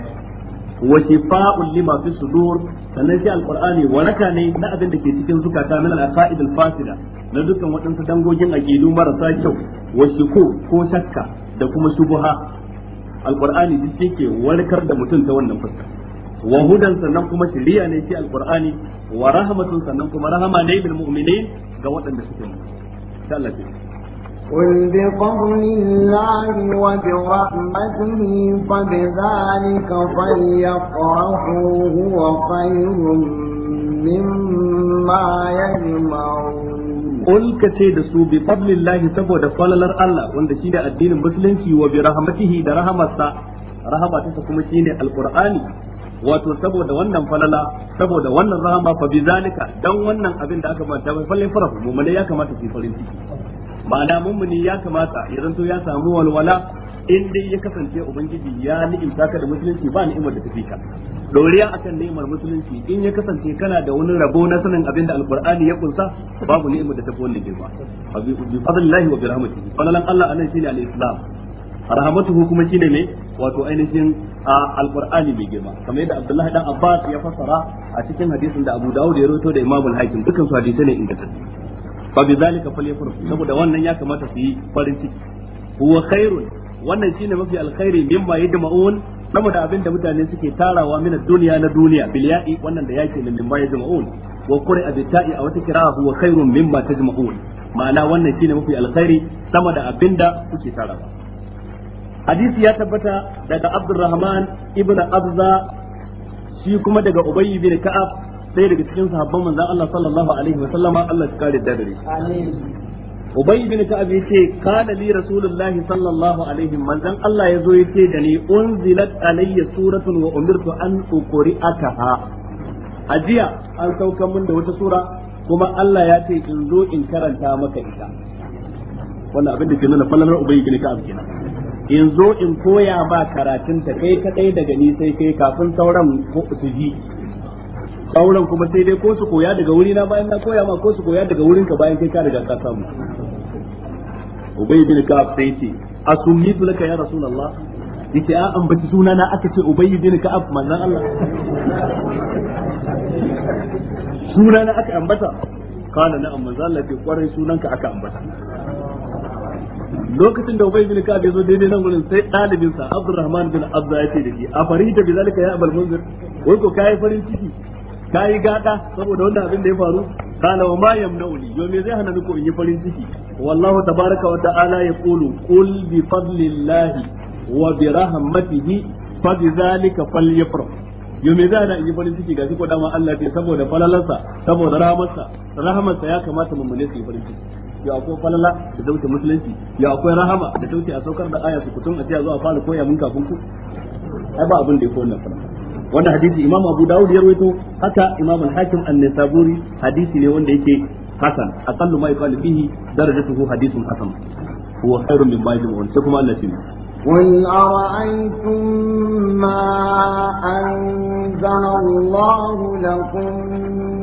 wa shifa'un lima fi sudur sannan shi alqur'ani waraka ne na abin da ke cikin zukata min al-aqaid al-fasida na dukkan waɗansu dangogin aqidu marasa kyau wa shiku ko shakka da kuma shubuha alqur'ani duk yake warkar da mutum ta wannan fuska wa hudan sannan kuma shari'a ne shi alqur'ani wa kuma rahama ga waɗanda suke mu قل بفضل الله وبرحمته فبذلك فليفرحوا هو خير مما يجمعون قل كتي دسو بفضل الله سبو دفللر الله وند شيء الدين المسلمي وبرحمته ده رحمته رحمته كما شيء القرآن wato saboda wannan falala saboda wannan rahama fa bi zalika dan wannan abin da aka manta mai fallin farahu mu ya kamata su farin ciki ma'ana mummuni ya kamata ya zanto ya samu walwala in dai ya kasance ubangiji ya ni'imta ka da musulunci ba ni'imar da tafi ka doriya akan ni'imar musulunci in ya kasance kana da wani rabo na sanin abin da alqur'ani ya kunsa babu ni'imar da tafi wannan girma bi fadlillahi wa bi rahmatihi fadlan Allah anan shine al-islam rahmatuhu kuma shine ne wato ainihin alqur'ani mai girma kamar yadda Abdullahi dan Abbas ya fassara a cikin hadisin da Abu daud ya rawaito da Imam al-Hakim dukkan su hadisi ne inda tafi fa bi zalika falyafrahu saboda wannan ya kamata su yi farin ciki huwa khairun wannan shine mafi alkhairi mimma yajma'un sama da abinda mutane suke tarawa min duniya na duniya bil ya'i wannan da yake min mimma yajma'un wa qur'a bi ta'i a wata kira huwa khairun mimma tajma'un ma'ana wannan shine mafi alkhairi sama da abinda kuke tarawa hadisi ya tabbata daga Abdurrahman ibn Abza shi kuma daga Ubay bin Ka'ab sai daga cikin sahabban manzon Allah sallallahu alaihi wa sallama Allah ya kare da dare Ubay ibn Ka'ab yace kana li rasulullahi sallallahu alaihi manzon Allah ya zo yace da ni unzilat alayya suratun wa umirtu an uqri'ataha ajiya an sauka mun da wata sura kuma Allah ya ce in zo in karanta maka ita wannan abin da ke nuna falalar Ubay ibn Ka'ab kenan in zo in koya ba karatun ta kai kadai daga ni sai kai kafin sauran su ji auren kuma sai dai ko su koya daga wuri na bayan na koya ma ko su koya daga wurin ka bayan kai ka riga ka samu ubay bin ka'ab sai ce asumitu laka ya rasulullah yace a ambaci suna na aka ce ubay bin ka'ab manzon Allah suna na aka ambata kana na amma Allah ke kwarai sunanka aka ambata lokacin da ubay bin ka'ab ya zo daidai nan gurin sai dalibin sa Abdurrahman bin Abza ya ce da shi a farita bi zalika ya abul munzir wai ko kai farin ciki ka yi saboda wanda abin da ya faru kana wa ma yamnauli yo me zai hana ni ko in yi farin ciki wallahu tabaraka wa ta'ala kulu kul bi fadlillahi wa bi rahmatihi fa bi zalika falyafrah yo me zai hana in yi farin ciki gashi ko dama Allah ce saboda falalarsa saboda rahmarsa rahmarsa ya kamata mu mune su yi farin ciki ya akwai falala da dauce musulunci ya akwai rahama da dauce a saukar da aya su kutum a ce a zo a fara koya mun kafin ku ai ba abin da ya kowanne falala wannan hadisi imam abu dawud ya rawaito haka imam al-hakim an-nisaburi hadisi ne wanda yake hasan aqallu ma yuqalu bihi darajatuhu hadithun hasan huwa khairun mimma yajma'un sai kuma Allah shine قل أرأيتم ما أنزل الله لكم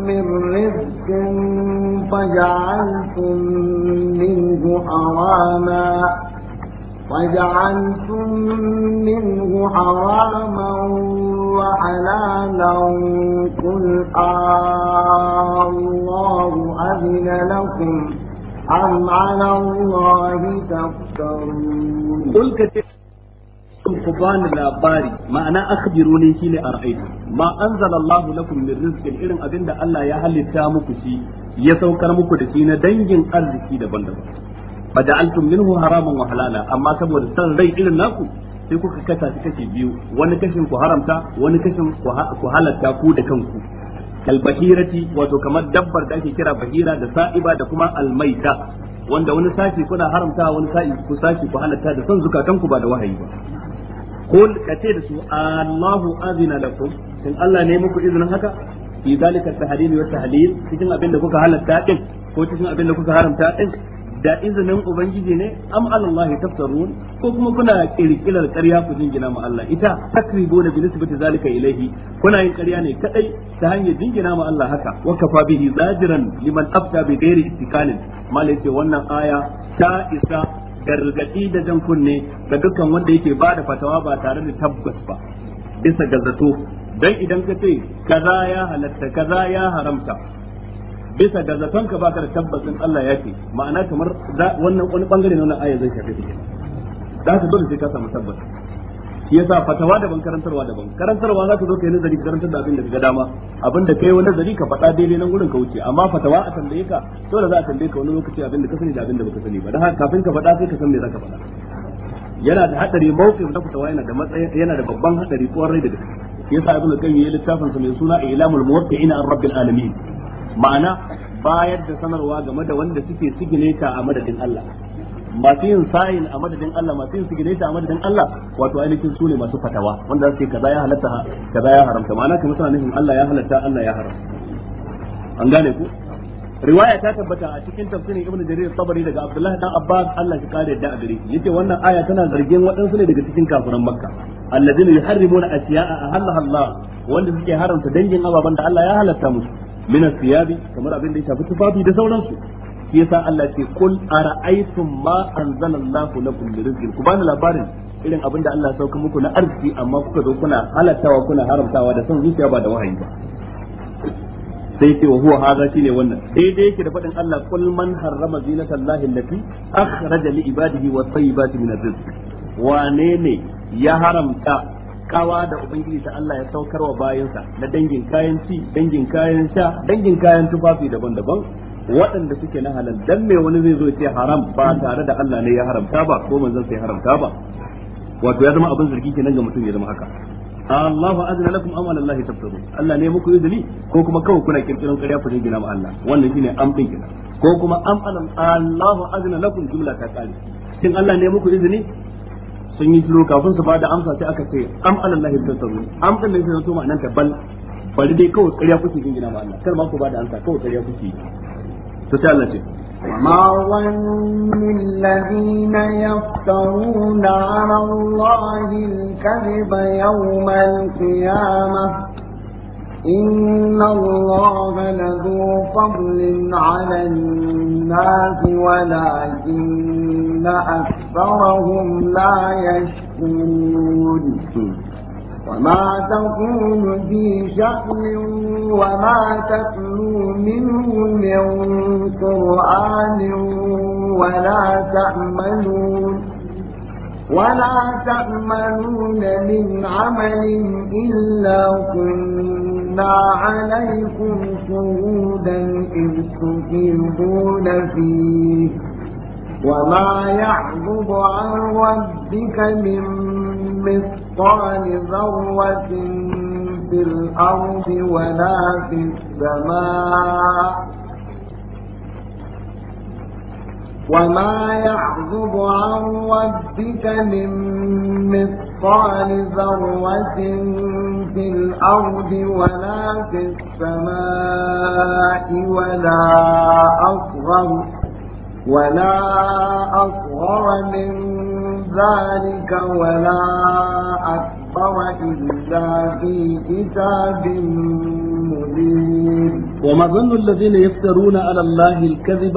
من رزق فجعلتم منه حراما وجعلتم منه حراما وحلالا قل الله أذن لكم أم على الله تفترون قل كثير ku bani labari ma'ana akhbiruni shine ara'aytu ma anzala Allah lakum min rizqin irin da Allah ya halitta muku si, ya saukar muku da shi na dangin arziki daban-daban fa ja'altum minhu haraman wa halala amma saboda san rai irin naku sai kuka kasa shi kashi biyu wani kashin ku haramta wani kashin ku halatta ku da kanku kalbahirati wato kamar dabbar da ake kira bahira da sa'iba da kuma almaita wanda wani sashi kuna haramta wani sa'i ku sashi ku halatta da son zukatanku ba da wahayi ba qul kace da su Allahu azina lakum shin Allah ne muku izinin haka fi zalika tahrimi wa tahlil cikin abin da kuka halatta din ko cikin abin da kuka haramta din da izinin ubangiji ne am alallahi taftarun ko kuma kuna kirkirar ƙarya ku jingina ma Allah ita takribu da bi nisbati zalika laifi. kuna yin ƙarya ne kadai ta hanyar jingina ma Allah haka wa kafa bihi zajiran liman afta bi ghairi istikalin malai ce wannan aya ta isa gargadi da jan kunne ga dukkan wanda yake ba da fatawa ba tare da tabbas ba bisa ga zato dan idan ka ce kaza ya halatta kaza ya haramta bisa ga zaton ka baka da tabbacin Allah ya ce ma'ana kamar wannan wani bangare na wannan aya zai shafe su kenan da haka dole sai ka samu tabbata shi yasa fatawa daban karantarwa daban karantarwa za ka zo kai nazari karantar da abin da ga dama abin da kai wani nazari ka faɗa daidai nan gurin ka wuce amma fatawa a tambaye ka dole za a tambaye ka wani lokaci abin da ka sani da abin da baka sani ba dan haka kafin ka faɗa sai ka san me za ka faɗa yana da hadari mawqif na fatawa yana da matsayi yana da babban hadari kwarai da gaske yasa ibnu qayyim ya littafin sa mai suna ilamul muwaqqi'ina an rabbil alamin ma'ana bayar da sanarwa game da wanda suke sigileta a madadin Allah masu yin sa'in a madadin Allah masu yin sigileta a madadin Allah wato ainihin su ne masu fatawa wanda suke kaza ya halatta kaza ya haramta ma'ana kamar suna nufin Allah ya halatta Allah ya haram. an gane ku riwaya ta tabbata a cikin tafsirin ibnu jarir sabari daga abdullahi dan abbas Allah shi kare da gare yace wannan aya tana zargin waɗansu ne daga cikin kafiran makka alladina yuharrimuna asya'a ahallaha Allah wanda suke haramta dangin ababan da Allah ya halatta musu ya bi kamar abin da ya shafi tufafi da sauransu shi yasa Allah ce kul ara'aytum ma anzalallahu lakum min rizqin ku bani labarin irin abin da Allah ya sauka muku na arziki amma kuka zo kuna halattawa kuna haramtawa da san zuciya ba da wahayi ba sai ce wa huwa hadha shine wannan daidai yake da fadin Allah kul man harrama zinatallahi allati akhraja li ibadihi wat tayyibati min rizq wane ne ya haramta kawa da ubangiji ta Allah ya saukar wa bayansa na dangin kayan ci dangin kayan sha dangin kayan tufafi daban-daban waɗanda suke na halal dan me wani zai zo ya ce haram ba tare da Allah ne ya haramta ba ko manzon sai haramta ba wato ya zama abin zargi kenan ga mutum ya zama haka Allahu azna lakum am ala Allah tafsirun Allah ne muku izini ko kuma kawai kuna kirkirin ƙarya ku jingina ma Allah wannan shine an din kina ko kuma am alam Allahu azna lakum jumla ta kare shin Allah ne muku izini sun yi shiru kafin su da amsa sai aka ce am alallahi tasawu am din nan sai to ma'anar ta bal bari dai kawai ƙarya kuke gina ma Allah kar ma ku da amsa kawai ƙarya kuke to sai Allah ce ما ظن الذين يفترون على الله الكذب يوم القيامة إن الله لذو فضل على الناس ولكن أكثرهم لا يشكرون وما تكون في شأن وما تتلو منه من قرآن ولا تأملون ولا تأملون من عمل إلا كنت عليكم شهودا إذ تفيضون فيه وما يعظم عن ربك من مثقال ذرة في الأرض ولا في السماء وما يعزب عن ربك من مثقال ذرة في الأرض ولا في السماء ولا أصغر ولا أصغر من ذلك ولا أكبر إلا في كتاب مبين وما ظن الذين يفترون على الله الكذب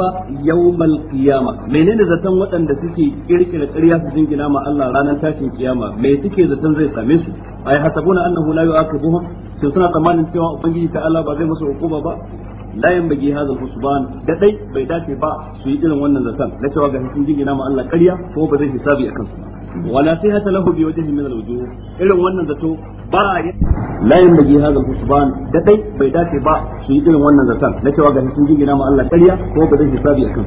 يوم القيامة منين إذا تم وطن دسيكي كيرك لقرية سجن جنام الله رانا تاشن قيامة ميتكي إذا تنزي سامنسو أي حسبون أنه لا يعاقبهم سيصنع كمان سوى أبنجي تعالى بعد مسوء عقوبة با la yanbaghi hadha al-husban da dai bai dace ba su yi irin wannan zaton na cewa ga sun jingina ma Allah ƙarya ko ba zai hisabi akan su ba ولا صحة له بوجه من الوجوه إلا وانا ذاته برا لا ينبغي هذا الحسبان دتي بيداتي با شيء إلا وانا ذاتان لكي شوى قال سنجي جنام الله كريا هو بدي حسابي أكم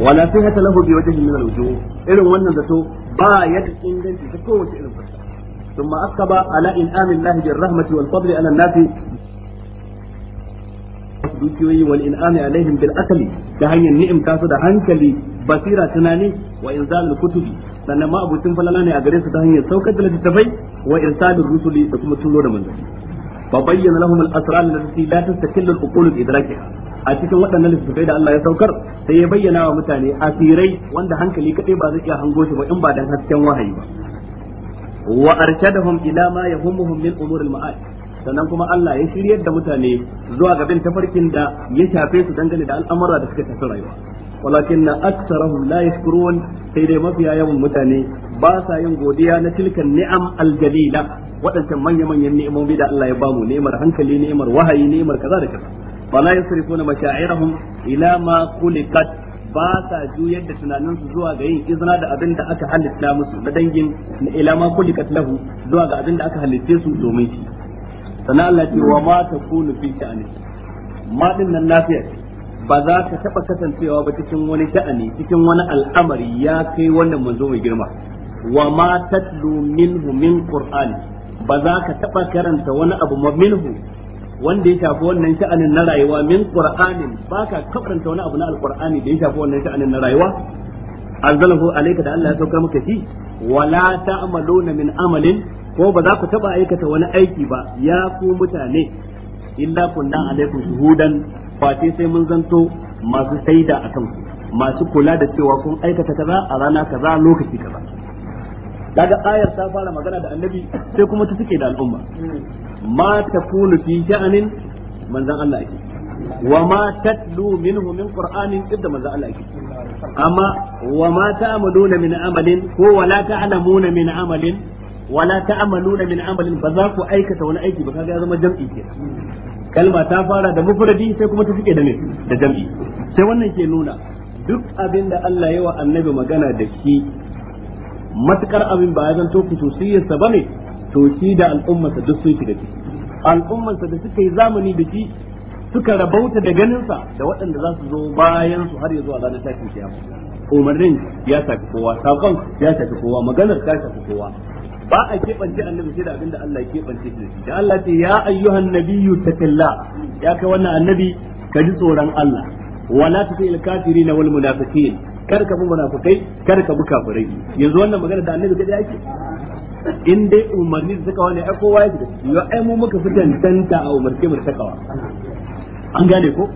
ولا صحة له بوجه من الوجوه إلا وانا ذاته برا يد إنجنتي تكوش إلا فرسا ثم أكتب على إن إنعام الله بالرحمة والفضل على الناس dukiyoyi wal in'ami alaihim bil akali da hanyar ni'imta su da hankali basira tunani wa inzalul kutubi sannan ma abucin falala ne a gare su ta hanyar saukar da littattafai wa irsalin rusuli da kuma turo da manzanni fa bayyana lahum al-asrar allati la tastakillu al-uqul idrakiha a cikin waɗannan littattafai da Allah ya saukar sai ya bayyana wa mutane asirai wanda hankali kadai ba zai iya hango shi ba in ba dan hasken wahayi ba wa arshadahum ila ma yahummuhum min umur al-ma'ad sannan kuma Allah ya shiryar da mutane zuwa ga tafarkin da ya shafe su dangane da al'amura da suka tafi rayuwa walakin aktsarahum la yashkurun sai dai mafiya yawan mutane ba sa yin godiya na tilkan ni'am aljalila waɗancan manya-manyan ni'imomi da Allah ya bamu ni'imar hankali ni'imar wahayi ni'imar kaza da kaza fala yasrifuna mashairahum ila ma khuliqat ba sa juyar da tunaninsu zuwa ga yin izina da abin aka halitta musu na dangin na ila ma khuliqat lahu zuwa ga abin aka halitte su domin shi sana'a Allah ce wa ma takunu fi sha'ani ma din nan lafiya ba za ka taɓa kasancewa ba cikin wani sha'ani cikin wani al'amari ya kai wannan manzo mai girma wa ma tatlu minhu min qur'ani ba za ka taɓa karanta wani abu ma minhu wanda ya shafi wannan sha'anin na rayuwa min qur'anin ba ka karanta wani abu na alqur'ani da ya shafi wannan sha'anin na rayuwa anzalahu alayka da Allah ya saukar maka shi wala ta'maluna min amalin ko ba za ku taɓa aikata wani aiki ba ya ku mutane illa kunna alaikum shuhudan face sai mun zanto masu saida akan ku masu kula da cewa kun aikata kaza a rana kaza lokaci kaza daga ayar ta fara magana da annabi sai kuma ta suke da al'umma ma takunu fi sha'anin manzan Allah ake wa ma tatlu minhu min qur'anin idda manzan Allah ake amma wa ma ta'maluna min amalin ko wala la ta'lamuna min amalin wala la ta'maluna min amalin ba za ku aikata wani aiki ba kaga ya zama jam'i kenan kalma ta fara da mufradi sai kuma ta fike da me da jam'i sai wannan ke nuna duk abin da Allah yawa annabi magana da shi matukar abin ba ya zanto kususiyarsa ba ne to shi da al'ummarsa duk sun shiga ciki al'ummarsa da suka yi zamani da shi suka rabauta da ganinsa da waɗanda za su zo bayan su har ya zuwa ranar tashin kiyama umarnin ya shafi kowa sakon ya shafi kowa maganar ta shafi kowa ba a keɓance annabi sai da abin da Allah ya keɓance shi da Allah ce ya ayyuhan nabiyyu takalla ya kai wannan annabi ka ji tsoron Allah wala tusil kafirin wal munafiqin kar ka bi munafikai kar ka bi kafirai yanzu wannan magana da annabi kada yake in dai umarni da takawa ne ai kowa ya shiga yo ai mu muka fi tantanta a umarce mu da takawa an gane ko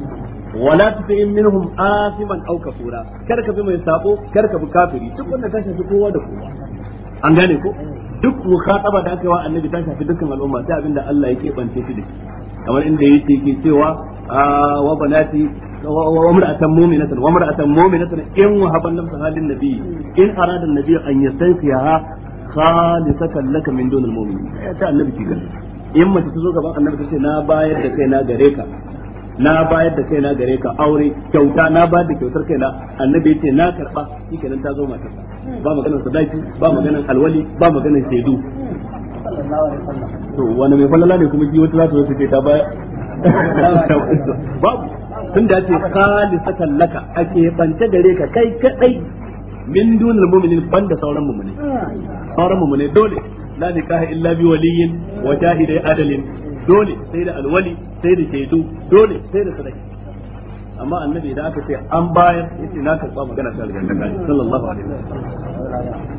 wala tusil minhum asiman aw kafura kar ka bi mai sabo kar ka bi kafiri duk wanda ka shafi kowa da kowa an gane ko duk mukhataba da aka yi wa annabi ta shafi dukkan al'umma sai abinda Allah ya kebance shi da shi kamar inda ce ke cewa ah, wa banati wa mar'atan mu'minatan wa mar'atan mu'minatan in wa wahaban nafsa halin nabi in arada nabi an yastanfiha khalisatan laka min dunil mu'minin ya ta annabi ki in mace ta zo gaban annabi ta ce na bayar da kai na gare ka na bayar da kaina gare ka aure kyauta na bayar da kyautar kaina annabi yace na karba shikenan ta zo mata ba maganar sadaki ba maganar alwali ba maganar shaidu to wani mai falala ne kuma shi wata za ta zo ta baya babu tun da ce khalisatan laka ake bance gare ka kai kadai min dunal mu'minin banda sauran mu'mini sauran mu'mini dole la nikaha illa bi waliyin wa jahidai adalin dole sai da alwali sai da shaidu dole sai da sadaki amma annabi da aka ce an bayar yace na karba magana ta daga kai sallallahu alaihi wasallam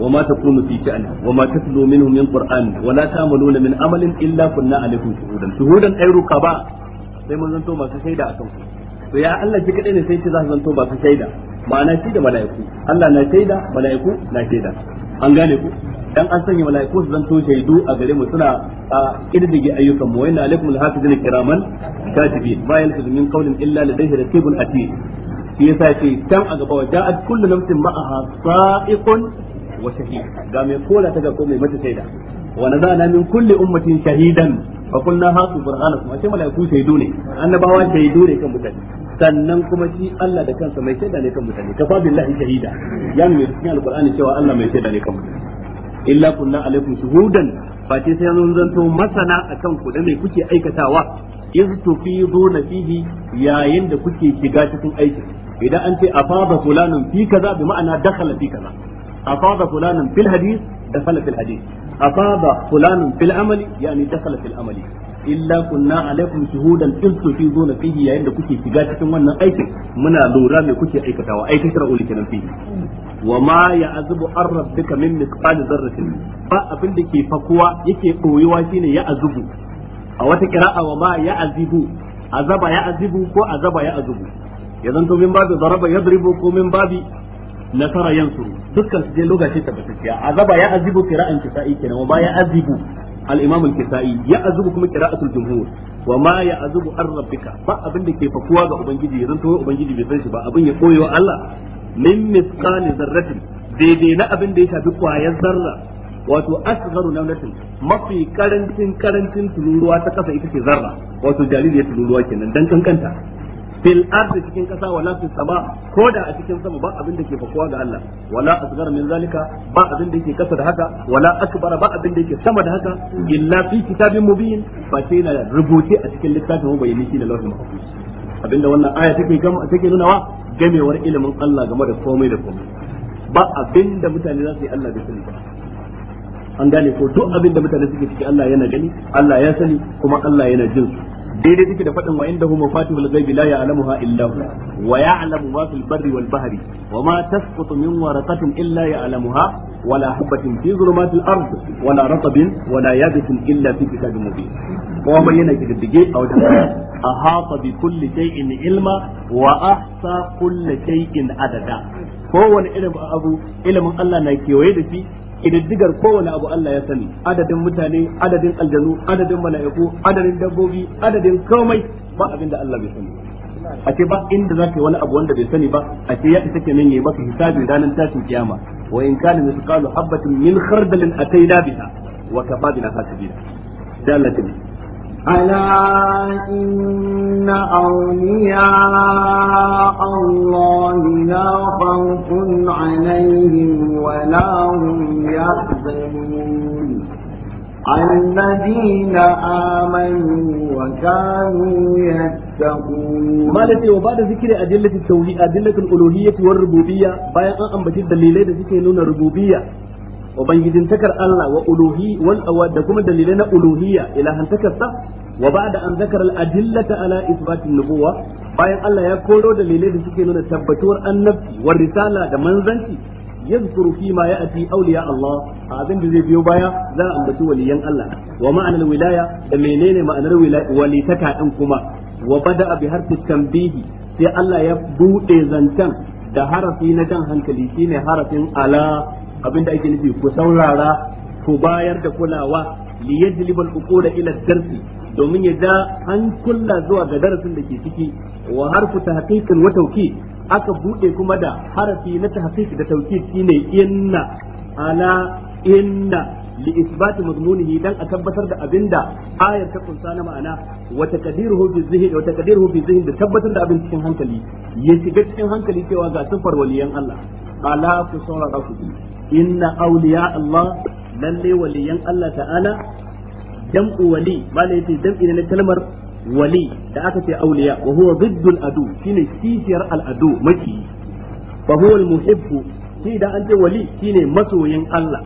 وما تكون في شأن وما تتلو منه من قرآن ولا تعملون من عمل إلا كنا عليكم شهودا شهودا أي ركباء sai mun zanto masu shaida a kanku to ya Allah ki kadai ne sai ce za su zanto masu shaida ma'ana shi da mala'iku Allah na shaida mala'iku na shaida an gane ku dan an sanya malaiku su zanto shaidu a gare mu suna a kiddige ayyukan mu wa inna alaikum alhafizina kiraman katibin ma yalfizu min qawlin illa ladayhi raqibun atid shi yasa ce can a gaba ja'at kullu nafsin ma'aha sa'iqun wa shahid ga mai kola ta ga ko mai mata shaida wa nazana min kulli ummatin shahidan fa kunna hatu burhanakum ashe malaiku shaidu ne annabawa shaidu ne kan mutane sannan kuma shi Allah da kansa mai shaida ne kan mutane kafa billahi shahida ya mai cikin alqur'ani cewa Allah mai shaida ne kan mutane illa kunna alaikum shuhudan face sai mun zanto masana akan ku da me kuke aikatawa iz tufiduna fihi yayin da kuke shiga cikin aikin idan an ce afada fulanun fi kaza bi ma'ana dakhala fi kaza afada fulanun fil hadith dakhala fil hadith afada fulanun fil amali yani dakhala fil amali illa kunna alaikum shuhudan in tufizuna fihi yayin da kuke shiga cikin wannan aikin muna lura me kuke aikatawa ai tashra uli kenan fihi wa ma ya ar rabbika min mithqal dharratin ba abin da ke fakuwa yake koyuwa shine ya'zubu a wata qira'a wa ma ya'zibu azaba ya'zibu ko azaba ya'zubu yanzu to min babu daraba yadribu ko min babi nasara yansuru dukkan su je lokaci tabbatacciya azaba ya azibu qira'an kisa'i kenan wa ma ya azibu al-imam al kuma qira'atul jumhur wa ma ya azubu ar rabbika ba abin da ke fakuwa ga ubangiji yanzu to ubangiji bai san shi ba abin ya koyo Allah min mithqali zarratin daidai na abin da ya shafi kwayar zarra wato asgharu nawlatin mafi karancin karancin tururuwa ta kasa ita ce zarra wato jariri ya tururuwa kenan dan kankanta fil ardi cikin kasa wala fis sama ko da a cikin sama ba abin da ke fakuwa ga Allah wala asghar min zalika ba abin da yake kasa da haka wala akbar ba abin da yake sama da haka illa fi kitabin mubin ba sai na rubuce a cikin littafin mubayyani shi da lauhi mahfuz abinda wannan aya take take nuna wa gamewar ilimin Allah game da komai da komai ba abin da mutane za su yi Allah da sani an gane ko duk abin da mutane suke ciki Allah yana gani Allah ya sani kuma Allah yana jin su daidai take da faɗin wa indahu mafatihul ghaibi la ya'lamuha illa hu wa ya'lamu ma fil barri wal bahri wa ma tasqutu min waraqatin illa ya'lamuha wa la habatin fi zulumatil ard wa la ratabin wa la yabisin illa fi kitabin mubin ko mai yana kididdige a wajen ahata bi kulli shay'in ilma wa ahsa kulli shay'in adada kowane irin abu ilimin Allah na kewaye da shi kididdigar kowane abu Allah ya sani adadin mutane adadin aljanu adadin mala'iku adadin dabbobi adadin komai ba abinda Allah bai sani a ce ba inda za ka yi wani abu wanda bai sani ba a ce ya isa kenan yayi maka hisabi ranar tashin kiyama wa in kana mithqalu habatin min khardalin ataina biha wa kafa bina hasibina da Allah ألا إن أولياء الله لا خوف عليهم ولا هم يحزنون الذين آمنوا وكانوا يتقون ما التي وبعد ذكر أدلة التوحيد أدلة الألوهية والربوبية بيان أن بديل دليلين ذكر الربوبية ubangijintakar Allah wa uluhi da kuma dalilai na uluhiyya ilahan takarsa wa ba'da an zakara al ala isbat nubuwa bayan Allah ya koro dalilai da suke nuna tabbatuwar annabci wa risala da manzanci yin fi ma ati awliya Allah a abin da zai biyo baya za a ambaci waliyan Allah wa ma'anar wilaya da menene ma'anar walitaka din kuma wa bada bi harfi tanbihi sai Allah ya bude zantan da harafi na jan hankali shine harafin ala abinda ake nufi ku saurara ku bayar da kulawa li yajlibal uqula ila darsi domin ya da an kulla zuwa ga darasin da ke ciki wa harfu tahqiqin wa tawkid aka bude kuma da harafi na tahqiq da tawkid shine inna ala inna li isbati mazmunihi dan a tabbatar da abinda ayar ta kunsa na ma'ana wa taqdiruhu bi zihni wa taqdiruhu bi zihni da tabbatar da abin cikin hankali ya shiga cikin hankali cewa ga sifar waliyan Allah ala ku saurara ku inna awliya Allah lalle waliyan Allah ta'ala jam'u wali bala yace jam'i ne kalmar wali da aka ce awliya wa huwa ziddul adu shine kishiyar al adu maki fa huwa al muhibbu shi da an ce wali shine masoyin Allah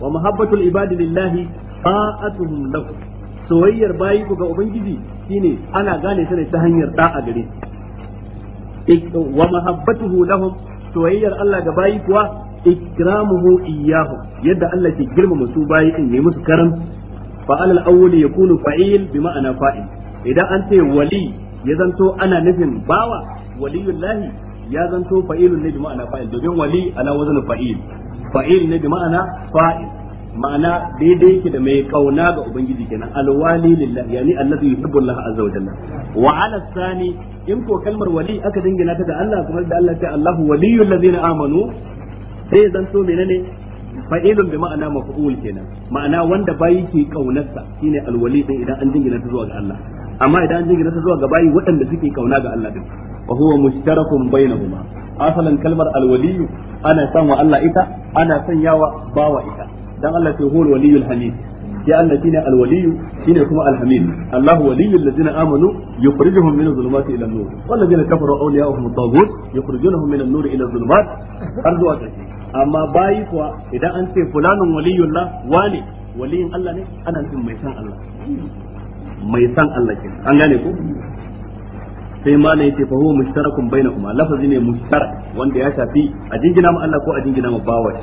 wa mahabbatul ibadi lillahi ta'atuhum lahu soyayyar bayi ku ga ubangiji shine ana gane ta ne ta hanyar da'a gare wa mahabbatuhu lahum soyayyar Allah ga bayi kuwa ikramuhu iyyahu yadda Allah ke girmama su bayi in ne musu karam fa alal awwal yakunu fa'il bi ma'ana fa'il idan an ce wali ya zanto ana nufin bawa waliyullahi ya zanto fa'ilun ne bi ma'ana fa'il domin wali ala wazn fa'il fa'il ne bi ma'ana fa'il ma'ana daidai yake da mai kauna ga ubangiji kenan alwali lillahi yani allazi yuhibbu Allah azza wa jalla wa ala sani in ko kalmar wali aka dingina ta da Allah kuma da Allah ta Allahu waliyyu na amanu sai zan so menene fa'ilun bi ma'ana maf'ul kenan ma'ana wanda bayi ke kaunarsa shine alwali din idan an dingina ta zuwa ga Allah amma idan an dingina ta zuwa ga bayi waɗanda suke kauna ga Allah din wa huwa mushtarakun bainahuma asalan kalmar alwali ana san wa Allah ita ana sanyawa bawa ita dan Allah sai huwal waliyul hamid ya Allah shine alwaliyu shine kuma alhamid Allahu waliyul ladina amanu yukhrijuhum min adh-dhulumati ila an-nur wal ladina kafaru awliya'uhum at-taghut yukhrijunahum min an-nur ila adh-dhulumat arzuwa kashi amma bayi kuwa idan an ce fulanun waliyullah wani waliyin Allah ne ana nufin mai san Allah mai san Allah ke an gane ko sai ma ne yace fa huwa mushtarakun bainakuma lafazi ne mushtarak wanda ya shafi a jingina ma Allah ko a jingina ma bawa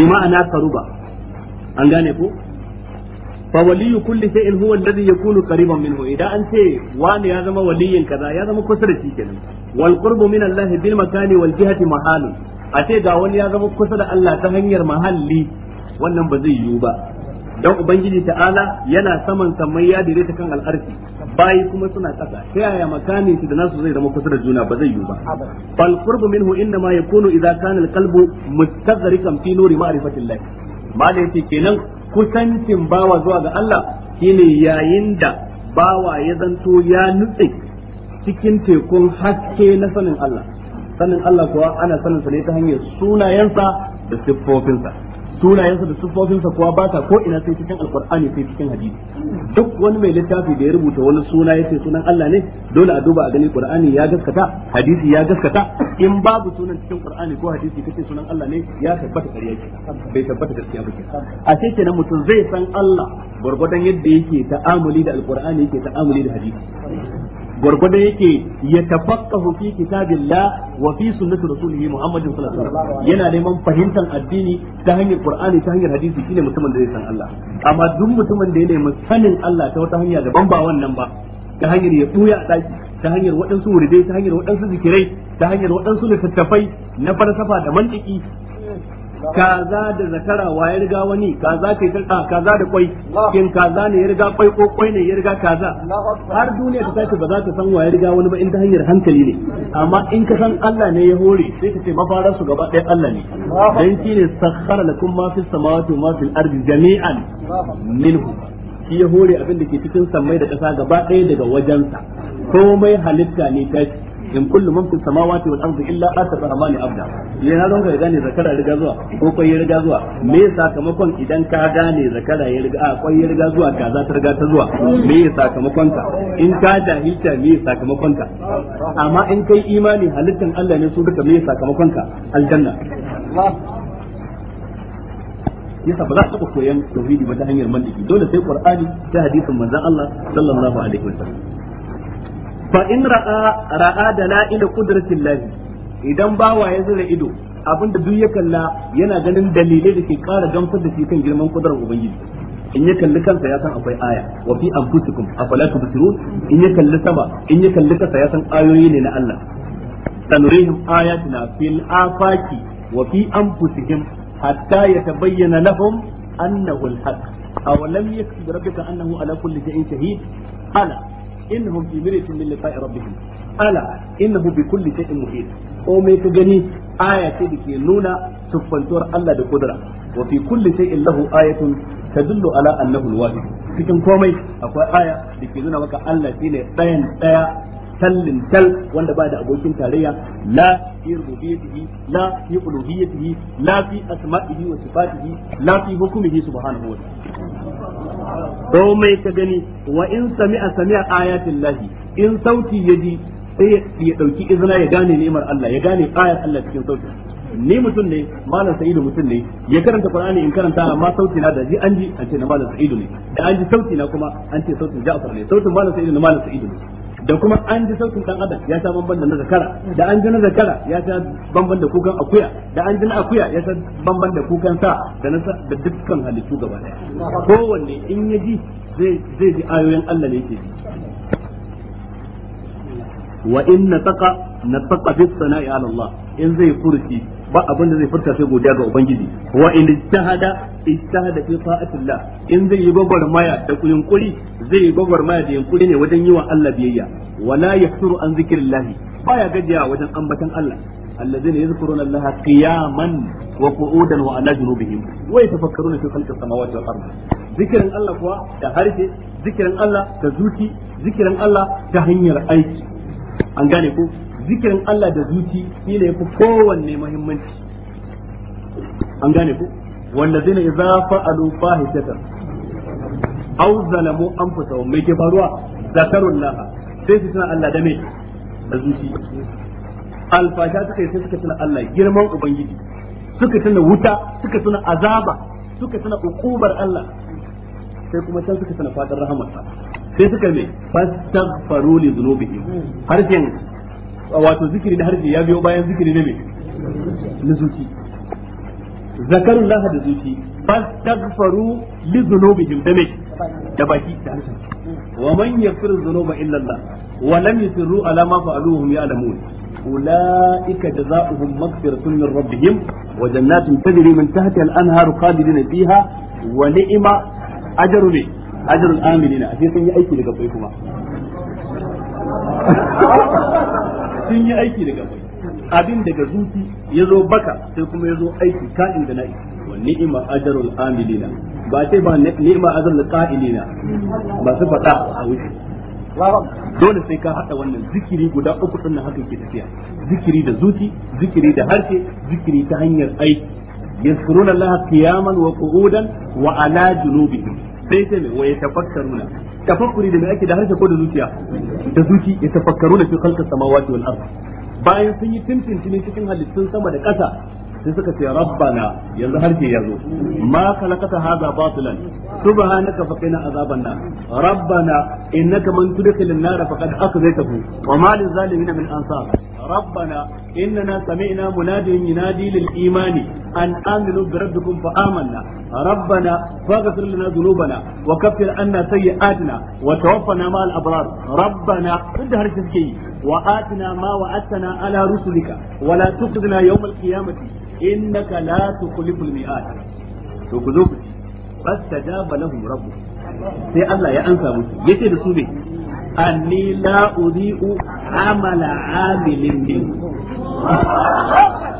bi ma'ana karuba an gane ko fa waliyu kulli shay'in huwa alladhi yakunu qariban minhu idan an ce wani ya zama waliyyin kaza ya zama kusa da shi kenan wal qurbu min Allah bil makani wal jihati mahalun a ce ga wani ya zama kusa da Allah ta hanyar mahalli wannan ba zai yiwu ba dan ubangiji ta'ala yana saman sammai ya dire ta kan al'arfi bayi kuma suna ƙasa ta yaya makamin su da nasu zai zama kusa da juna ba zai yiwu ba fal qurbu minhu inna ma yakunu idza kana al-qalbu mustadrikan fi nuri ma'rifatillah malai yace kenan kusancin bawa zuwa ga Allah shine yayin da bawa ya zanto ya nutse cikin tekun haske na sanin Allah sanin Allah kuwa ana sanin sa ne ta hanyar sunayensa da siffofinsa sunayensa da siffofinsa kuwa ba ta ko ina sai cikin alkur'ani sai cikin hadisi duk wani mai littafi da ya rubuta wani suna ce sunan Allah ne dole a duba a gani qur'ani ya gaskata hadisi ya gaskata in babu sunan cikin qur'ani ko hadisi kace sunan Allah ne ya tabbata ƙarya ce bai tabbata gaskiya ba a sai kenan mutum zai san Allah gurgurdan yadda yake ta'amuli da alkur'ani yake ta'amuli da hadisi gurgurda yake ya tafaqahu fi kitabillah wa fi sunnati rasulihi muhammadin sallallahu alaihi wasallam yana neman fahimtar addini ta hanyar qur'ani ta hanyar hadisi shine mutumin da zai san Allah amma duk mutumin da ya neman sanin Allah ta wata hanya daban ba wannan ba ta hanyar ya tsuya a daki ta hanyar waɗansu wuridai ta hanyar waɗansu zikirai ta hanyar waɗansu littattafai na falsafa da mantiki kaza da zakara wa ya riga wani kaza ce ta kaza da kwai kin kaza ne ya riga kwai ko kwai ne ya riga kaza har duniya ta tashi ba za ta san wa ya riga wani ba in ta hanyar hankali ne amma in ka san Allah ne ya hore sai ka ce mafarar su gaba ɗaya Allah ne dan shi ne sakhara lakum ma fis samawati ma fil ardi jami'an minhu shi ya hore abin da ke cikin sammai da ƙasa gaba ɗaya daga wajensa komai halitta ne tashi in kullu man fis samawati wal ardi illa ata rahmani abda ne na ranka gane zakara riga zuwa ko kwai ya riga zuwa me sakamakon idan ka gane zakara ya riga a kwai ya riga zuwa kaza ta riga ta zuwa me sakamakon ka in ka jahilta me sakamakon ka amma in kai imani halittan Allah ne su duka me sakamakon ka aljanna yasa ba za su taɓa koyan tauhidi ba ta hanyar mantiki dole sai qur'ani ta hadisin manzon Allah sallallahu alaihi wasallam fa in ra'a ra'a dalail qudratillahi idan ba wa ya zura ido abinda duk ya kalla yana ganin dalilai da ke ƙara gamsar da shi kan girman kudurar ubangiji in ya kalli kansa ya san akwai aya wa fi anfusikum afala tubsirun in ya kalli sama in ya kalli kansa ya san ayoyi ne na Allah sanurihim ayatina fil afaki wa fi anfusihim hatta yatabayyana lahum annahu alhaq aw lam yakfi rabbika annahu ala kulli shay'in shahid ala innahum fi miratin min liqa'i rabbihim ala innahu bi kulli shay'in muhit ko mai ka gani aya ce da ke nuna siffantuwar Allah da kudura wa fi kulli shay'in lahu ayatun tadullu ala annahu al-wahid cikin komai akwai aya da ke nuna maka Allah shine ɗayan ɗaya tallin tal wanda ba da abokin tarayya la fi rububiyyatihi la fi uluhiyyatihi la fi asma'ihi wa sifatihi la fi hukmihi subhanahu wa ta'ala komai ka gani wa in sami'a sami'a ayatin lahi in sauti ya ji sai ya dauki izina ya gane ni'imar Allah ya gane ayar Allah cikin sauti ni mutum ne malam sa'idu mutum ne ya karanta qur'ani in karanta amma sauti na da ji an ji an ce na malam sa'idu ne da an ji sauti na kuma an ce sautin ja'far ne sautin malam sa'idu na malam sa'idu ne da kuma an ji sautin dan adam ya sha bamban da na zakara da an ji na zakara ya sha bamban da kukan akuya da an ji na akuya ya sha bamban da kukan sa da na da dukkan halittu gaba daya kowanne in ya ji zai zai ji ayoyin Allah ne yake ji wa in nataqa nataqa bis sana'i ala Allah in zai furci ba abin da zai furta sai godiya ga ubangiji wa in ijtahada ijtahada fi ta'atillah in zai yi gogor maya da yunkuri zai yi gogor maya da yunkuri ne wajen yi wa Allah biyayya wala yaksuru an zikrillah baya gajiya wajen ambatan Allah الذين يذكرون الله قياما وقعودا وعلى جنوبهم ويتفكرون في خلق السماوات والارض ذكر الله كوا da harshe zikirin Allah da zuci zikirin Allah ta hanyar aiki an gane ko zikirin Allah da zuci shine yafi kowanne muhimmanci an gane ku Wanda wallazina idza fa'alu fahishatan aw zalamu anfusahum me ke faruwa zakarullah sai su tuna Allah da me da zuci alfasha suka yi sai suka tuna Allah girman ubangiji suka tuna wuta suka tuna azaba suka tuna ukubar Allah sai kuma can suka tuna fadar rahamarsa sai suka me fastaghfaru li dhunubihim har sai wato zikiri na harshe ya biyo bayan zikiri na mai na zuci zakarun laha da zuci fastaghfaru li dhunubihim da mai da baki da harshe wa man yaghfiru dhunuba illa Allah wa lam yusirru ala ma fa'aluhum ya'lamun أولئك جزاؤهم مغفرة من ربهم وجنات تجري من تحتها الأنهار خالدين فيها ونعم أجر أجر الآمنين أشياء يأتي لقبيكما sun yi aiki daga bai abin daga zuci ya zo baka sai kuma ya zo aiki ka'in da na'i wa ni'ima ajarul amilina ba ce ba ni'ima ajarul qa'ilina ba su fada a wuce dole sai ka hada wannan zikiri guda uku din nan haka ke tafiya zikiri da zuci zikiri da harshe zikiri ta hanyar aiki yasruna allaha qiyaman wa qu'udan wa ala junubihim sai sai wa yatafakkaruna tafakkuri da mai ake da harshe ko da zuciya da zuci ya tafakkaru da fi khalqis samawati wal ardh bayan sun yi tintintini cikin halittun sama da ƙasa sai suka ce rabbana yanzu harshe ya zo ma khalaqata hadha batilan subhanaka faqina azaban nar rabbana innaka man tudkhilin nar faqad akhzaytahu wa ma lil zalimin min ansar rabbana innana sami'na munadiyan yunadi lil imani an aminu bi rabbikum fa amanna rabbana faghfir lana dhunubana wa kaffir anna sayyi'atina wa tawaffana ma al abrar rabbana duk harshe suke yi wa atina ma wa'atana ala rusulika wala la tukhzina yawm innaka la tukhliful mi'ad to ku zo ku ci fastajaba lahum rabbuh sai Allah ya ansa musu yace da su ne anni la udhi'u amala amilin min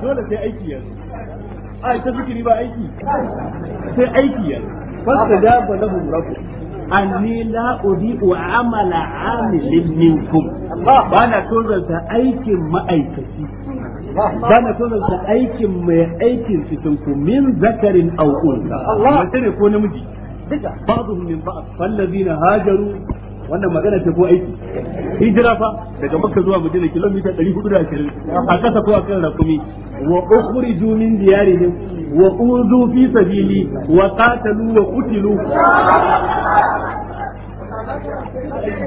dole sai aiki ya ai ta fikiri ba aiki sai aiki ya fastajaba lahum rabbuh anni la udhi'u amala amilin minkum ba na tozalta aikin ma'aikaci kana tozarta aikin mai aikin cikin ku min zakarin aw unsa mace ko namiji ba'dhum min ba'd fallazina hajaru wannan magana ce ko aiki hijira fa daga makka zuwa madina kilomita 420 a kasa ko akan rakumi wa ukhriju min diyarihim wa udu fi sabili wa qatalu wa qutilu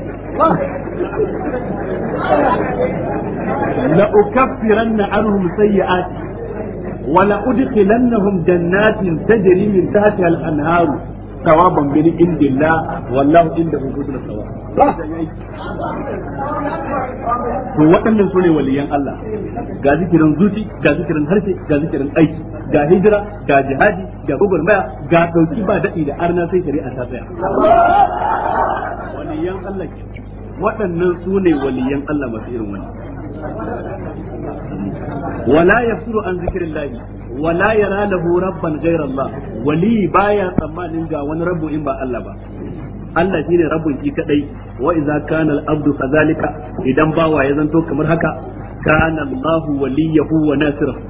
la ukaffiranna anhum sayyi'ati wa la udkhilannahum jannatin tajri min tahtiha al-anhar thawaban min indillah wallahu indahu husnul thawab to waɗannan sune waliyan Allah ga zikirin zuci ga zikirin harshe ga zikirin aiki ga hijira ga jihadi ga gugurmaya ga dauki ba daɗi da arna sai shari'a ta tsaya waliyan Allah ke waɗannan su ne waliyan Allah masu irin wani wala yafsuru an zikrillahi wala yara lahu rabban ghayra Allah wali baya tsammanin ga wani rabu in ba Allah ba Allah shine rabbun ki kaɗai wa Kanal kana abdu kazalika idan bawa ya zanto kamar haka kana Allahu waliyahu wa nasirahu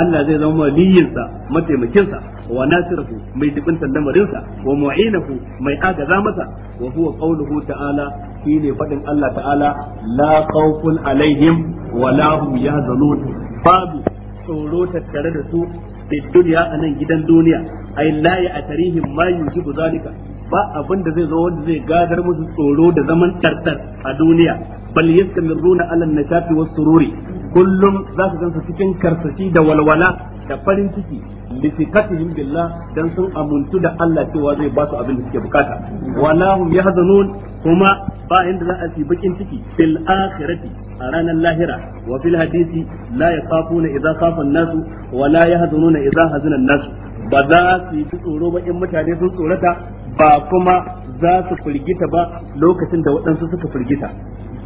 Allah zai zama waliyinsa mataimakinsa wa nasiruhu mai dubintan lamarinsa wa mu'inahu mai agaza masa wa huwa qawluhu ta'ala shine fadin Allah ta'ala la khawfun alaihim wa la hum yahzanun babu tsoro tattare da su da duniya a nan gidan duniya ai la a tarihin ma yujibu zalika ba abin da zai zo wanda zai gadar musu tsoro da zaman tartar a duniya bal yaskamruna ala an-nashati was-sururi kullum za ka gansu cikin karsashi da walwala da farin ciki lisikatihim billah dan sun amuntu da Allah cewa zai ba su abin da suke bukata wala hum yahzanun kuma ba inda za a ci bakin ciki fil akhirati a ranar lahira wa fil hadisi la yakhafuna idza khafa an-nasu wa la yahzanuna idza hazana an-nasu ba za su yi tsoro ba in mutane sun tsorata ba kuma za su firgita ba lokacin da waɗansu suka firgita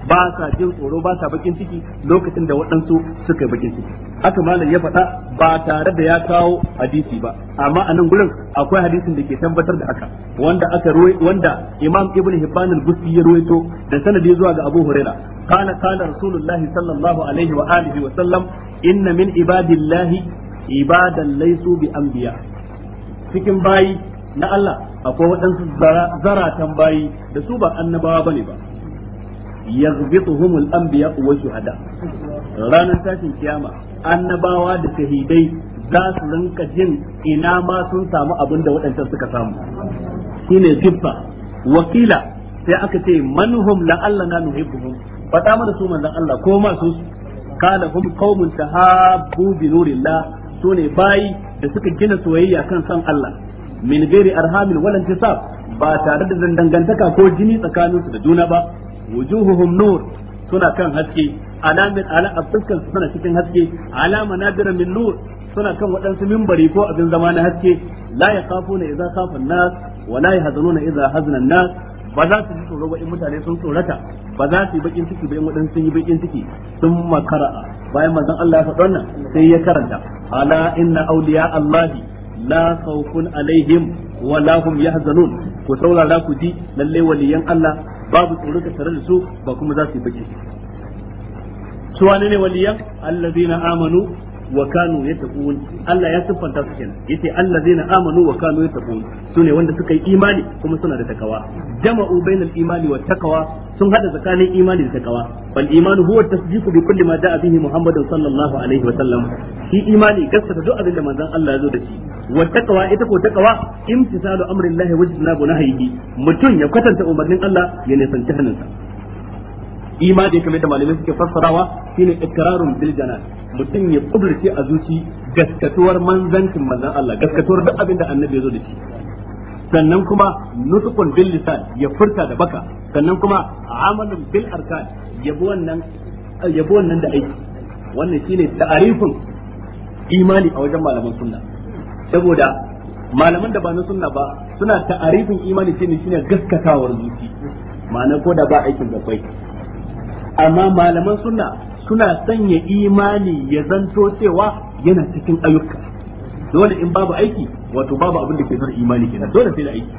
ba sa jin tsoro ba sa bakin ciki lokacin da waɗansu suka yi bakin ciki aka malam ya faɗa ba tare da ya kawo hadisi ba amma a nan gurin akwai hadisin da ke tabbatar da haka wanda aka wanda imam ibn hibban al-busti ya ruwaito da sanadi zuwa ga abu huraira kana kana rasulullah sallallahu alaihi wa alihi wa sallam inna min ibadillahi ibadan laysu bi anbiya cikin bayi na Allah akwai waɗansu zaratan bayi da su ba annabawa bane ba yaghbituhum al-anbiya wa shuhada ranar tashin kiyama annabawa da shahidai zasu su rinka ina ma sun samu abun da waɗancan suka samu shine siffa wakila sai aka ce manuhum manhum la'allana nuhibbuhum fada mana su manzon Allah ko masu su kana hum qaumun tahabbu bi sune bayi da suka gina soyayya kan san Allah min gairi arhamin wala sa ba tare da dangantaka ko jini tsakaninsu da juna ba wujuhuhum nur suna kan haske alamin ala afskan suna cikin haske alama na min nur suna kan waɗansu mimbari ko abin zama na haske la yakhafuna idza khafa an-nas wa la yahzanuna idza hazana an-nas ba za su ji tsoro ba in mutane sun tsorata ba za su yi bakin ciki ba in waɗansu sun yi bakin ciki sun makara bayan manzon Allah ya faɗa wannan sai ya karanta ala inna awliya Allah la khawfun alaihim wa la hum yahzanun ku saurara ku ji lalle waliyan Allah babu tsoro ka tare da su ba kuma za su yi baki su wane ne waliyan allazina amanu wa kanu yattaqun Allah ya siffanta su kenan Allah allazina amanu wa kanu yattaqun sune wanda suka yi imani kuma suna da takawa jama'u bainal imani wa takawa sun hada tsakanin imani da takawa wal imanu huwa tasdiqu bi kulli ma da'a bihi muhammadun sallallahu alaihi wa sallam shi imani gaskata duk abin da manzon Allah ya zo da shi wa takawa ita ko takawa imtisalu amrillahi wa jinabu nahyihi mutum ya kwatanta umarnin Allah ya nisanci hannunsa ima da kamar da malamai suke fassarawa shine ikrarun bil janan mutum ya kudurce a zuci gaskatuwar manzancin manzan Allah gaskatuwar duk abin da annabi ya zo da shi sannan kuma nutqun bil lisan ya furta da baka sannan kuma amalan bil arkan yabo wannan yabo wannan da aiki wannan shine ta'arifin imani a wajen malaman sunna saboda malaman da ba na sunna ba suna ta'arifin imani shine shine gaskatawar zuci ma'ana ko da ba aikin gabai amma malaman sunna suna sanya imani ya zanto cewa yana cikin ayyuka dole in babu aiki wato babu abin da ke nuna imani kenan dole sai da aiki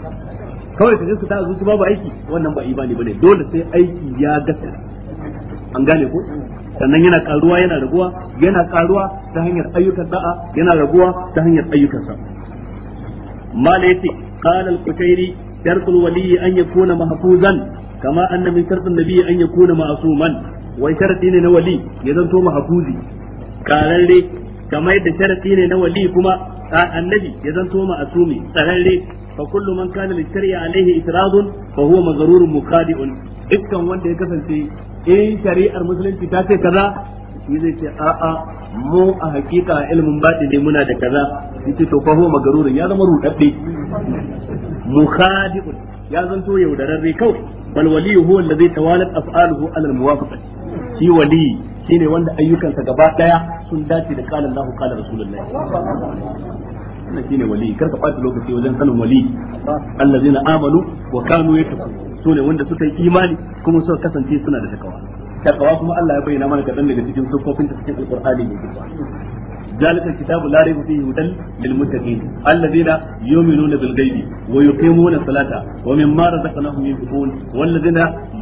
kawai kaga ta zuci babu aiki wannan ba imani bane dole sai aiki ya gasa an gane ko sannan yana karuwa yana raguwa yana karuwa ta hanyar ayyukan da'a yana raguwa ta hanyar ayyukan sa mala yace qala al-qutairi tarkul waliyi an yakuna mahfuzan kama anna min shartin nabiyyi an yakuna ma'suman wai sharadi ne na wali ya zanto mahfuzi kararre kamar yadda sharadi ne na wali kuma annabi ya zanto ma'sumi tsararre fa kullu man kana li shari'a alaihi itradun fa huwa maghrurun muqadi'un dukkan wanda ya kasance in shari'ar musulunci ta ce kaza shi zai ce a'a mu a hakika a ilimin baɗi ne muna da kaza yace to fa huwa magarurun ya zama rudadde mukhadi'un ya zanto yaudararre kawai bal waliyu huwa allazi tawalat af'aluhu ala almuwafaqati shi wali shine wanda ayyukansa gaba daya sun dace da qala Allahu qala Rasulullahi wannan shine wali kar ka bata lokaci wajen sanin wali allazina amanu wa kanu yattaqun sune wanda suka yi imani kuma suka kasance suna da takawa takawa kuma Allah ya bayyana mana kadan daga cikin sufofin ta cikin alqur'ani ne ذلك الكتاب لا ريب فيه هدى للمتقين الذين يؤمنون بالغيب ويقيمون الصلاة ومما رزقناهم ينفقون والذين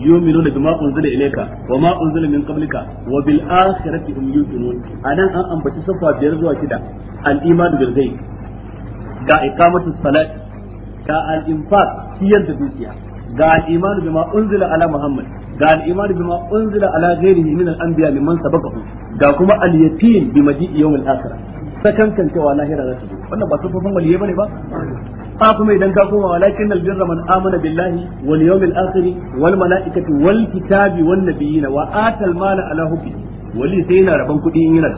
يؤمنون بما أنزل إليك وما أنزل من قبلك وبالآخرة هم يوقنون أنا أن أنبتي صفة بيرزوا كده الإيمان بالغيب كإقامة الصلاة كالإنفاق في الدنيا ga al-iman bima unzila ala muhammad ga al-iman bima unzila ala ghairihi min al-anbiya mimman sabaqahu ga kuma al-yaqin bi maji'i yawm al-akhirah sakan kan cewa lahira za ta zo wannan ba sufufin waliyai bane ba a kuma idan ka koma walakin al-birra man amana billahi wal yawmil akhir wal malaikati wal kitabi wan nabiyina wa atal mala ala hubbi wali sai yana rabon kudi in yana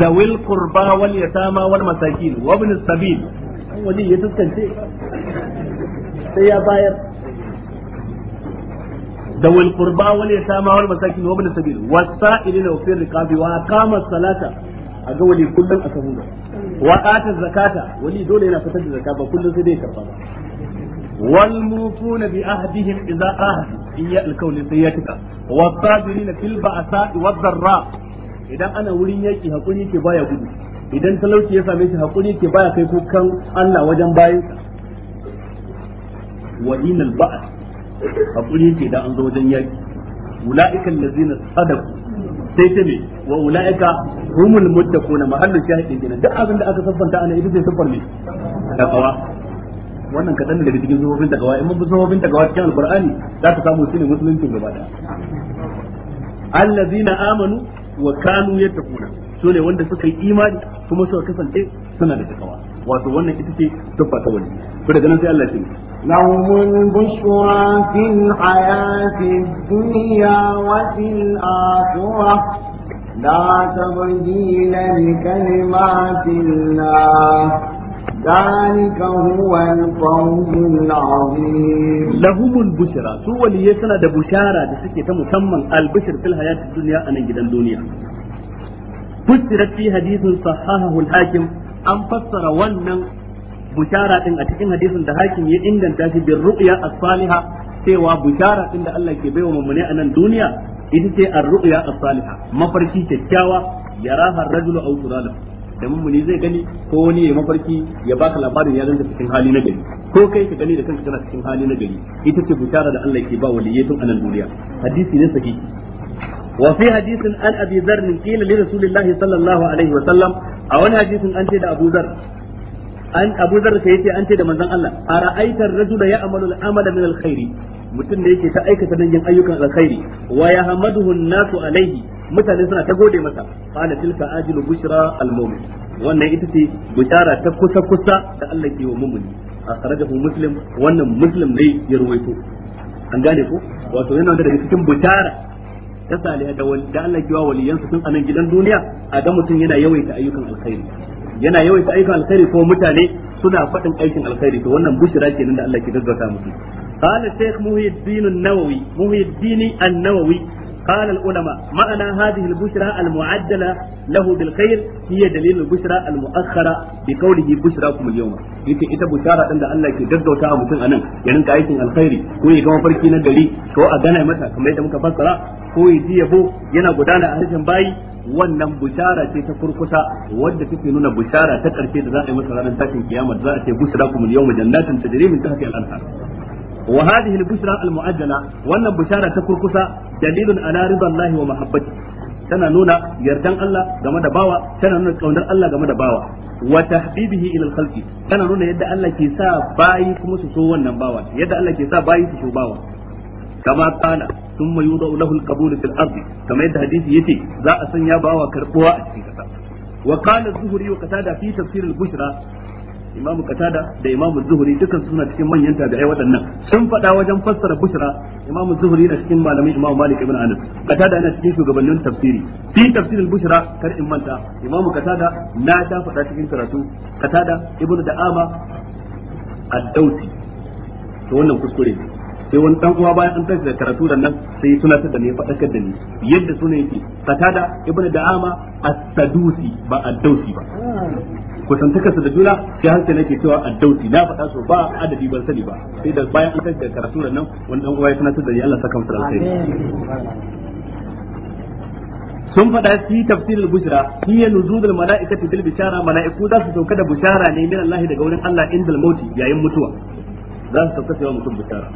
zawil qurba wal yatama wal masakin wa ibn sabil wali ya tuskance sai ya bayar ذوي القربى واليتامى والمساكين وابن السبيل والسائلين وفي الرقاب وأقام الصلاة أقول ولي كل أسهونا وآت الزكاة ولي دول هنا فتد الزكاة وكل سيدي كفر والموفون بعهدهم إذا عاهدوا إياء الكون سيئتك والصابرين في البأساء والضراء إذا أنا ولي يكي هقولي كبايا قدو idan talauci ya same shi hakuri ke baya kai kukan Allah wajen bayansa wa inal ba'a hakuri ke da an zo wajen yaki ulaika allazina sadaku sai ta me wa ulaika humul muttaquna mahallu shahidin kenan duk abin da aka sabbanta ana ita ce sabbar ne kawa wannan kadan daga cikin zuwofin takawa in mun zuwofin da kawa cikin alqur'ani za ka samu shi ne musulunci gaba da allazina amanu wa kanu yattaquna sune wanda suka yi imani kuma suka kasance suna da takawa wato wannan ita ce tuffa ta wani to daga nan sai Allah ya ce لهم البشرى في الحياة الدنيا وفي الآخرة لا تبديل لكلمات الله ذلك هو القول العظيم لهم البشرى سوى ليسنا دا بشارة دا سكي تمسمى البشر في الحياة الدنيا أنا جدا دنيا بشرت في حديث صححه الحاكم an fassara wannan bushara din a cikin hadisin da hakim ya inganta shi bin ru'ya as-saliha cewa bushara din da Allah ke baiwa mummune a nan duniya ita ce ar-ru'ya as-saliha mafarki kyakkyawa yaraha ar-rajulu aw turala da mummuni zai gani ko wani ya mafarki ya baka labarin ya ganta cikin hali na gari ko kai ka gani da kanka kana cikin hali na gari ita ce bushara da Allah ke ba waliyatun a nan duniya hadisi ne sahihi وفي حديث عن ابي ذر قيل لرسول الله صلى الله عليه وسلم او ان حديث انت ده ابو ذر an abu zar sai yace an ce da manzon Allah a ra'aitar rajula ya amalu al'amala min alkhairi mutum da yake ta aikata nan yin ayyukan alkhairi wa yahmaduhu an-nasu alaihi mutane suna ta gode masa qala tilka ajilu bushra al-mu'min wannan ita ce bishara ta kusa kusa da Allah ke wa mu'mini akhrajahu muslim wannan muslim ne ya ruwaito an gane ko wato yana da cikin bishara ta saliha da wanda Allah kiwa waliyansa sun anan gidan duniya a ga mutum yana yawaita ayyukan alkhairi yana yawaita ayyukan alkhairi ko mutane suna fadin aikin alkhairi to wannan bushira kenan da Allah ke gaggauta musu qala shaykh muhiddin an-nawawi muhiddin an-nawawi قال العلماء معنى هذه البشرى المعدلة له بالخير هي دليل البشرى المؤخرة بقوله بشراكم اليوم yake ita bushara ɗin da Allah ke gaggauta a mutum anan ya aikin alkhairi ko ya gama farki na gari ko a gana mata kamar yadda muka fassara ko ya ji yana gudana a harshen bayi wannan bushara ce ta kurkusa wanda take nuna bushara ta karshe da za a yi masa ranar tashin kiyama da za a ce bushra kumul yawma jannatin tajri min tahtiha al-anhar wa hadhihi al-bushra al-mu'ajjala wannan bushara ta kurkusa dalilun ala ridallahi wa mahabbati tana nuna yardan Allah game da bawa tana nuna kaunar Allah game da bawa wa tahbibihi ila al-khalqi tana nuna yadda Allah ke sa bayi kuma su wannan bawa yadda Allah ke sa bayi su so bawa kama kana thumma yudau lahu al-qabul fil ardi kamar yadda hadisi yace za a sanya bawa karbuwa a cikin kasa wa qala az-zuhri wa qatada fi tafsir bushra imam qatada da imam zuhri dukkan suna cikin manyan tabi'ai waɗannan sun faɗa wajen fassara bushra imam zuhri da cikin malamin imam malik ibn anas qatada yana cikin shugabannin tafsiri fi tafsir al-bushra kar in manta imam qatada na ta faɗa cikin karatu qatada ibn da'ama ad-dausi to wannan kuskure ne sai wani dan uwa bayan an tashi da karatu da nan sai tunatar da ni faɗakar da ni yadda suna yake qatada ibn da'ama as-sadusi ba ad-dausi ba kwatantakarsa da juna sai hankali nake cewa addausi na faɗa so ba adadi ban sani ba sai da bayan an da karatu nan wani dan uwa ya sanar da Allah saka masa alkhairi sun faɗa fi tafsirin bushra hiya nuzulul malaikati bil bishara malaiku za su sauka da bushara ne min Allah daga wurin Allah indal mauti yayin mutuwa za su sauka mutum bishara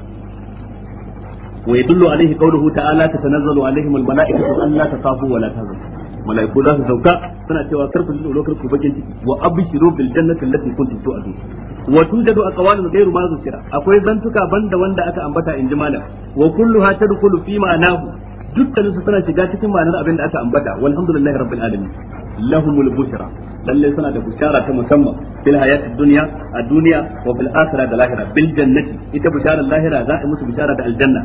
ويدل عليه قوله تعالى تتنزل عليهم الملائكة تخافوا ولا تهزموا mala'iku za su sauka suna cewa karku ji tsoro karku bakin ciki wa abshiru bil jannati allati kuntum tu'adun wa tujadu aqwalun ghayru ma zukira akwai zantuka banda wanda aka ambata in ji malam wa kulluha tadkhulu fi ma'nahu dukkanin su suna shiga cikin ma'anar abin da aka ambata walhamdulillahi rabbil alamin lahumul bushra lalle suna da bushara ta musamman fil hayatid dunya a duniya wa bil akhirah da lahira bil jannati ita bushara lahira za a musu bushara da aljanna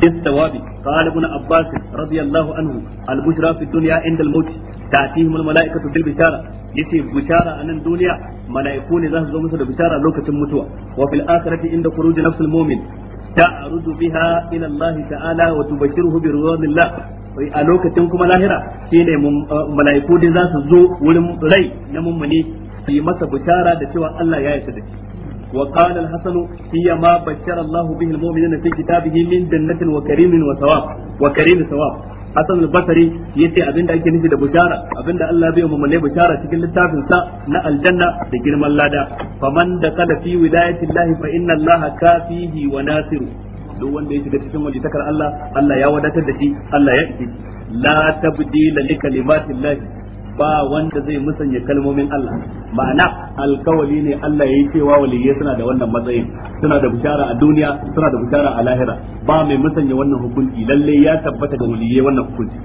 بالثواب قال ابن عباس رضي الله عنه البشرى في الدنيا عند الموت تأتيهم الملائكة بالبشارة يتي بشارة أن الدنيا ملائكون ذهب زومة بشارة لوكة متوى وفي الآخرة عند خروج نفس المؤمن تعرض بها إلى الله تعالى وتبشره برضوان الله a lokacin kuma lahira shine mala'iku da za su zo wurin rai na mummuni su yi masa bishara da cewa Allah ya yarda da shi وقال الحسن هي ما بشر الله به المؤمنين في كتابه من جنة وكريم وثواب وكريم ثواب Hassan al-Basri yace abinda ake nufi da bushara abinda Allah bai mu ne bushara cikin littafin sa na aljanna da girman lada faman da kada fi wilayati Allah fa inna Allah kafihi wa nasiru duk wanda ya shiga cikin wajitakar Allah Allah ya wadatar da shi Allah ya ishe la tabdila li kalimati ba wanda zai musanya kalmomin Allah ma'ana alkawali ne Allah yayi cewa waliyai suna da wannan matsayin suna da bishara a duniya suna da bishara a lahira ba mai musanya wannan hukunci lalle ya tabbata ga waliyai wannan hukunci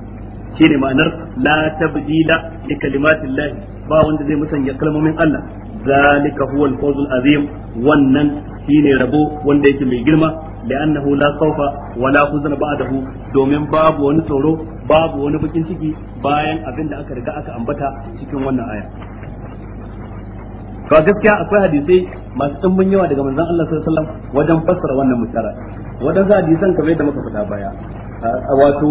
shine ma'anar la tabdila li kalimatillahi ba wanda zai musanya kalmomin Allah zalika huwa al-fawz al-azim wannan shine rabo wanda yake mai girma li'annahu la khawfa wala huzna ba'dahu domin babu wani tsoro babu wani bakin ciki bayan abin da aka riga aka ambata cikin wannan aya to gaskiya akwai hadisai masu tambun yawa daga manzon Allah sallallahu alaihi wasallam wajen fassara wannan wajen za hadisan kamar da muka faɗa baya wato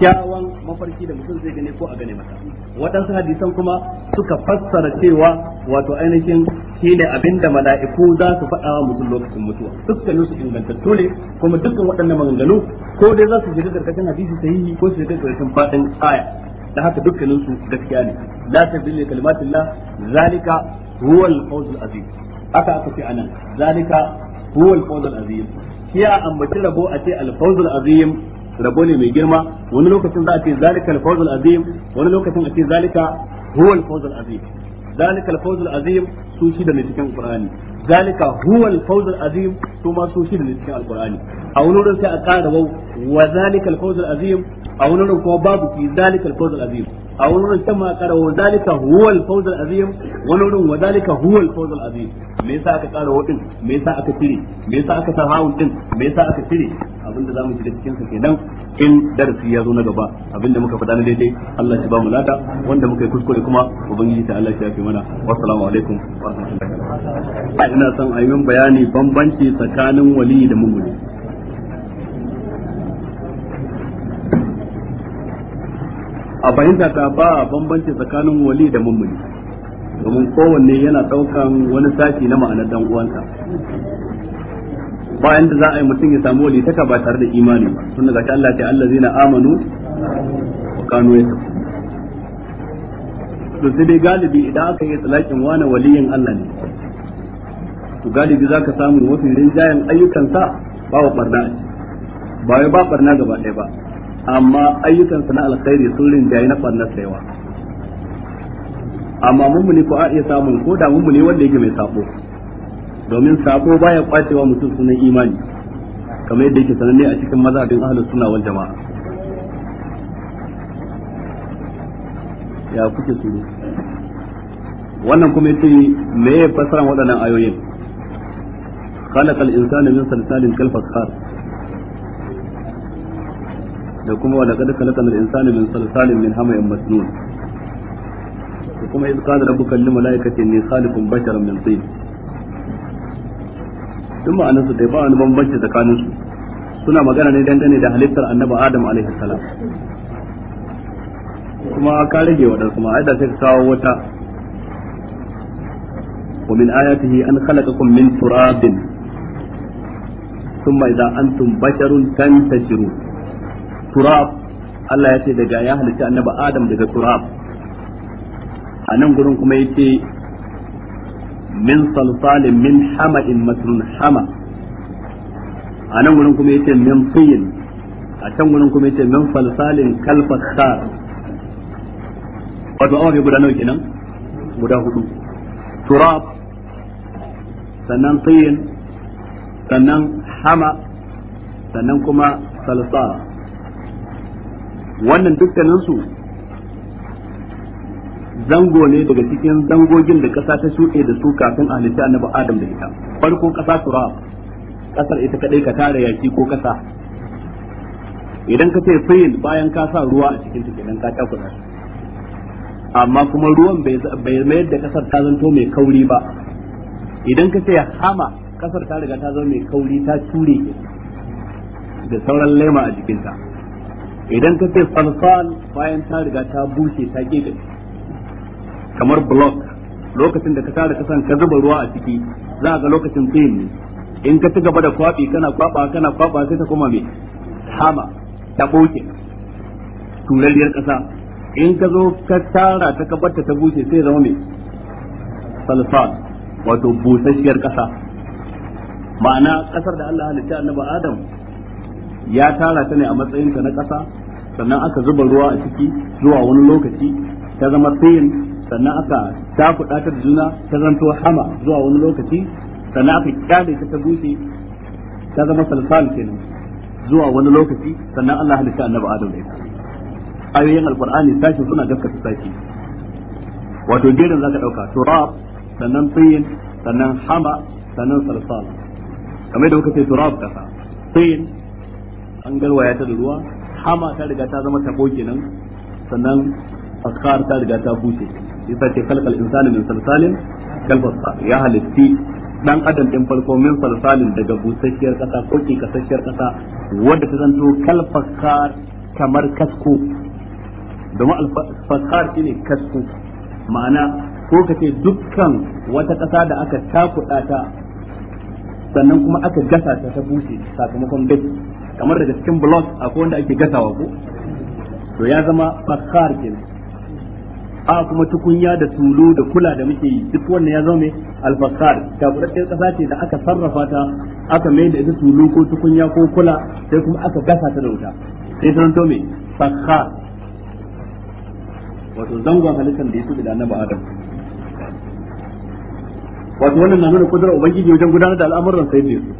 kyakkyawan mafarki da mutum zai gane ko a gane masa waɗansu hadisan kuma suka fassara cewa wato ainihin shi ne abinda mala'iku za su faɗa wa mutum lokacin mutuwa dukkanin su ingantattu ne kuma dukkan waɗannan maganganu ko dai za su shiga karkashin hadisi sahihi ko su shiga karkashin faɗin aya da haka dukkanin su gaskiya ne la tabdil kalimatillah zalika huwa al-fawz al-azim aka aka ce anan zalika huwa al-fawz al-azim kiya ambaci rabo a ce al-fawz azim rabo ne mai girma wani lokacin za a ce zalikal fawzul azim wani lokacin a ce zalika huwal fawzul azim zalikal fawzul azim su shi da ne cikin qur'ani zalika huwa al-fawz azim to ma da cikin alqur'ani a wani wurin sai a ƙara wau wa zalika al-fawz azim a wani wurin kuma babu fi zalika al-fawz al-azim a wani wurin sai a ƙara wa zalika huwa al-fawz al-azim wani wurin wa zalika huwa al-fawz azim me yasa aka ƙara wau din me yasa aka cire me yasa aka me aka abinda shiga cikin kenan in darasi ya zo na gaba abinda muka faɗa daidai Allah shi ba mu lada wanda muka kuskure kuma ubangiji ta Allah shi ya fi mana wassalamu ina son a yi min bayani bambanci tsakanin wali da mumuni a fahimta ta ba bambanci tsakanin wali da mumuni domin kowanne yana daukan wani sashi na ma'anar dan uwansa bayan da za a yi mutum ya samu wali ta ba tare da imani ba tun daga ta Allah ta Allah zai na, amanu wa kanu ya to sai dai galibi idan aka yi tsalakin wani waliyin Allah ne to galibi za ka samu mafi rinjayen ayyukansa ba wa barna ba wai ba barna gaba ɗaya ba amma ayyukansa na alkhairi sun rinjaye na barna tsayawa amma mummuni ko a iya samun ko da mummuni wanda yake mai sako domin sako baya kwacewa mutum sunan imani kamar yadda yake sananne a cikin mazhabin ahlus sunna wal jama'a ya kuke su wannan kuma yace me ya fasara waɗannan ayoyin خلق الإنسان من صلصال كالفخار da kuma wa laqad khalaqal insana min salsalin min hamayin masnun da kuma iz qala rabbuka lil malaikati inni khaliqun basharan min tin duk ma'anar dai ba wani bambanci tsakanin su suna magana ne dangane da halittar annabi adam alaihi salam kuma ka rage wa kuma ai da sai ka kawo wata ومن آياته أن خلقكم من تراب thumma idza antum basharun tantashiru ya ce annabi Adam daga wato awa kenan guda hudu turab sannan sannan hama sannan kuma salsa wannan dukkaninsu zango ne daga cikin zangogin da ƙasa ta shuɗe da su kafin a halitta na adam da ita farko ƙasa turab ƙasar ita kaɗai ka tara yaki ko ƙasa idan ka ce fayil bayan ka sa ruwa a cikin ta kenan ka cakuɗa amma kuma ruwan bai mayar da ƙasar ta zanto mai kauri ba idan ka ce hama kasar ta riga ta zama mai kauri ta ture da sauran lema a jikinta idan ka ce falfal bayan ta riga ta bushe ta keke kamar block lokacin da ka tara kasan ka zuba ruwa a ciki za ga lokacin tsayin ne in ka ci gaba da kwabi kana kwaba kana kwaɓa sai ta koma mai hama ta boke turariyar kasa in ka zo ka tara ta kabarta ta bushe sai zama mai falfal wato busasshiyar kasa ma'ana kasar da Allah halitta annabi Adam ya tara ta ne a matsayin ta na kasa sannan aka zuba ruwa a ciki zuwa wani lokaci ta zama tsayin sannan aka tafuda ta juna ta zanto hama zuwa wani lokaci sannan aka kyale ta ta bushe ta zama salsal kenan zuwa wani lokaci sannan Allah halitta annabi Adam da ita ayoyin alqur'ani sashin suna gaskata saki wato jerin zaka dauka turab sannan tsayin sannan hama sannan salsal kamar da muka ce turab kasa tin an garwaya ta da ruwa hama ta riga ta zama tabo kenan sannan askar ta riga ta bushe yasa ce kalkal insani min salsalin kal ya halitti dan adam din farko min salsalin daga busasshiyar kasa ko ki kasasshiyar kasa wanda ta zanto kal kamar kasko domin alfakar ne kasko ma'ana ko ka ce dukkan wata kasa da aka takuɗa ta sannan kuma aka gasa ta ta bushe sakamakon bai kamar daga cikin blog akwai wanda ake gasawa ko to ya zama fakhar kenan a kuma tukunya da tulu da kula da muke yi duk wannan ya zama mai alfakar kafurattiyar kasa ce da aka sarrafa ta aka mai da ita tulu ko tukunya ko kula sai kuma aka gasa ta da wuta sai sun to mai fakhar wato zangon halittar da ya tuɓe da annabi adam wato wannan na nuna kudurar ubangiji wajen gudanar da al'amuran sai da su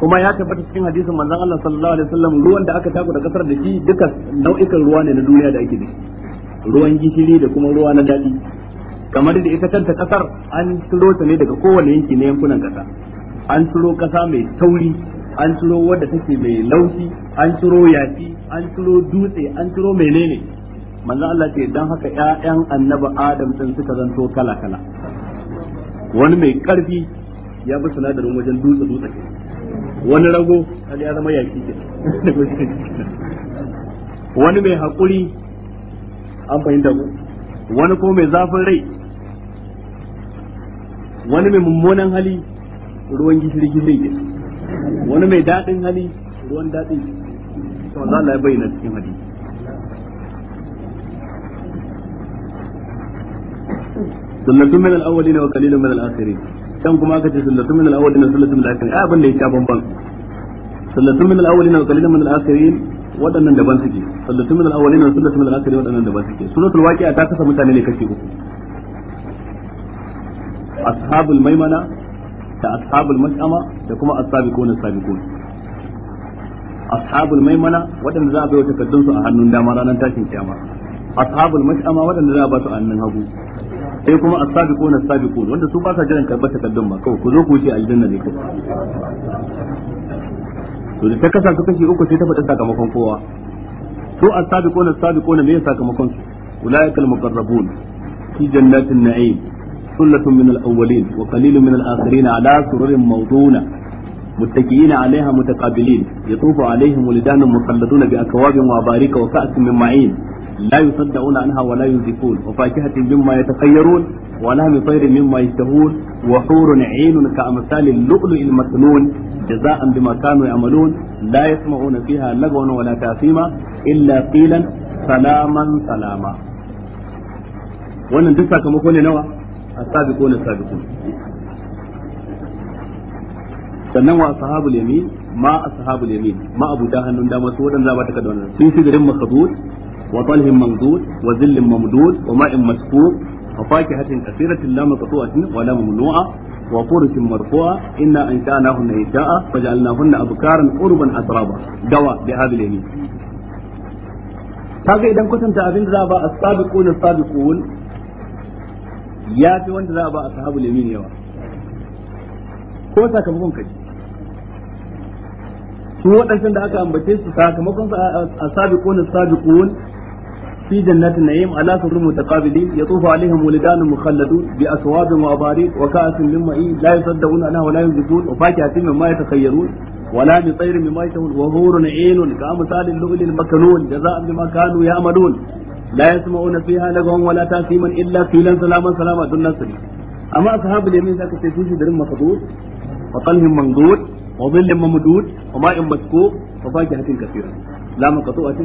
kuma ya tabbata cikin hadisin manzon Allah sallallahu alaihi wasallam ruwan da aka taku da kasar da shi duka nau'ikan ruwa ne na duniya da ake da ruwan gishiri da kuma ruwa na daɗi kamar da ita kanta kasar an ciro ta ne daga kowane yanki na yankunan kasa an ciro kasa mai tauri an ciro wadda take mai laushi an ciro yafi an ciro dutse an ciro menene manzo Allah ce dan haka ƴaƴan annabi Adam din suka zanto kala kala wani mai karfi ya bi sinadarin wajen dutse dutse wani rago kaga ya zama yaki ke wani mai haƙuri an fahimta ku wani ko mai zafin rai wani mai mummunan hali ruwan gishiri gishiri ke wani mai daɗin hali ruwan daɗin sau Allah ya bayyana cikin hadisi sunnatun min al-awwalin wa qalilun min al-akhirin can kuma aka ce sunnatun min al-awwalin wa sunnatun min al-akhirin abin da ya ta bamban sunnatun min al-awwalin wa qalilun min al-akhirin waɗannan daban suke sunnatun min al-awwalin wa sunnatun min al-akhirin waɗannan daban suke suratul waqi'a ta kasa mutane ne kashi uku ashabul maimana da ashabul mas'ama da kuma as-sabiqun as-sabiqun ashabul maimana waɗanda za a bai takardun su a hannun dama ranar tashin kiyama ashabul mas'ama waɗanda za a ba su a hannun hagu sai kuma as-sabiquna as-sabiqun wanda su ba sa jiran karbar takaddun ba kawai ku zo ku wuce aljanna ne kawai to da ta kasa su kashi uku sai ta faɗi sakamakon kowa su as-sabiquna as-sabiquna me sakamakon su ulaika al-muqarrabun fi jannatin na'im sullatun min al-awwalin wa qalilun min al-akhirin ala sururin mawduna متكئين عليها متقابلين يطوف عليهم ولدان مخلدون بأكواب وأباريك وكأس من معين لا يصدعون عنها ولا ينزفون وفاكهة مما يتخيرون ولهم طير مما يشتهون وحور عين كأمثال اللؤلؤ المكنون جزاء بما كانوا يعملون لا يسمعون فيها لغوا ولا تأثيما إلا قيلا سلاما سلاما wannan duk sakamako ne nawa a sabiku na sabiku sannan wa ashabul yamin ma ashabul yamin ma abuta hannun dama su wadanda za ba ta kada wannan sun shigarin makhdud وطلح منضود وذل ممدود وماء مسكوب وفاكهة كثيرة لا مقطوعة ولا ممنوعة وفرش مرفوعة إنا أنشأناهن إنشاء أبكارا قربا أترابا دواء بهذه اليمين kaga idan kwatanta abin da za a ba ko na sabi sabiqun ya fi wanda za a ba ashabul yawa ko sakamakon kaji su waɗancan da aka ambace su sakamakon su a na as-sabiqun في جنات النعيم على سرر متقابلين يطوف عليهم ولدان مخلدون بأكواب وأباريق وكأس من معين لا يصدقون عنها ولا ينزفون وفاكهة مما يتخيرون ولا بطير مما يشتهون وهور عين كأمثال اللؤلؤ المكنون جزاء بما كانوا يعملون لا يسمعون فيها لغوا ولا تأثيما إلا قيلا سلاما سلاما دون نصر أما أصحاب اليمين ذاك سيفوز درم مخضوط وطلح منضود وظل ممدود وماء مسكوب وفاكهة كثيرة لا منقطوعة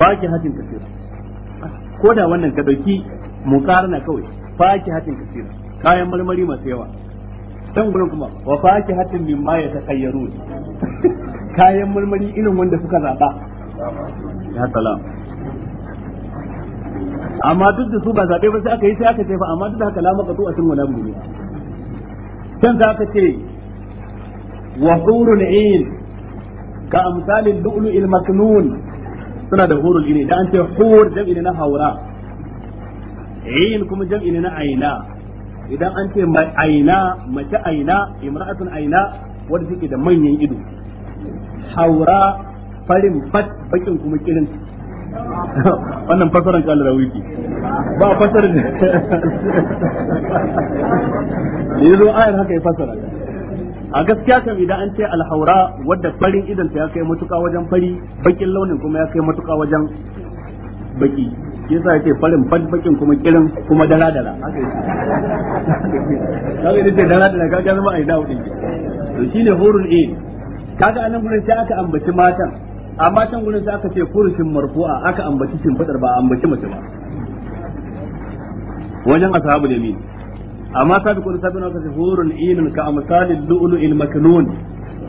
fakihatin kasira ko da wannan ka dauki muqarna kawai fakihatin kasira kayan marmari masu yawa dan gurin kuma wa fakihatin mimma yatakayyarun kayan marmari irin wanda suka zaba ya salam amma duk da su ba zabe ba sai aka yi sai aka ce amma duk da haka la maqatu atin wala ne, kan za ka ce wa hurun ain ka amsalin lu'lu'il maknun suna da hurul jini da an ce hur jam'i ne na haura ayin kuma jam'i ne na aina idan an ce aina mace aina imra'atun aina wanda take da manyan ido haura farin fat bakin kuma kirin wannan fasaran kallar da wiki ba fasarin ne yanzu ayar haka ya fasara a gaskiya kam idan an ce alhaura wadda farin idan ta ya kai matuka wajen fari bakin launin kuma ya kai matuka wajen baki yasa yake farin fad bakin kuma kirin kuma dala yi kaga dara dala dala kaga zama ai dawo din to shine hurul ain kaga anan gurin sai aka ambaci matan amma can gurin sai aka ce furushin marfu'a aka ambaci shimfidar ba ambaci mace ba wajen ashabul yamin amma sabiqun sabiqun aka ce hurun inun ka a misalin lu'lu'il maknun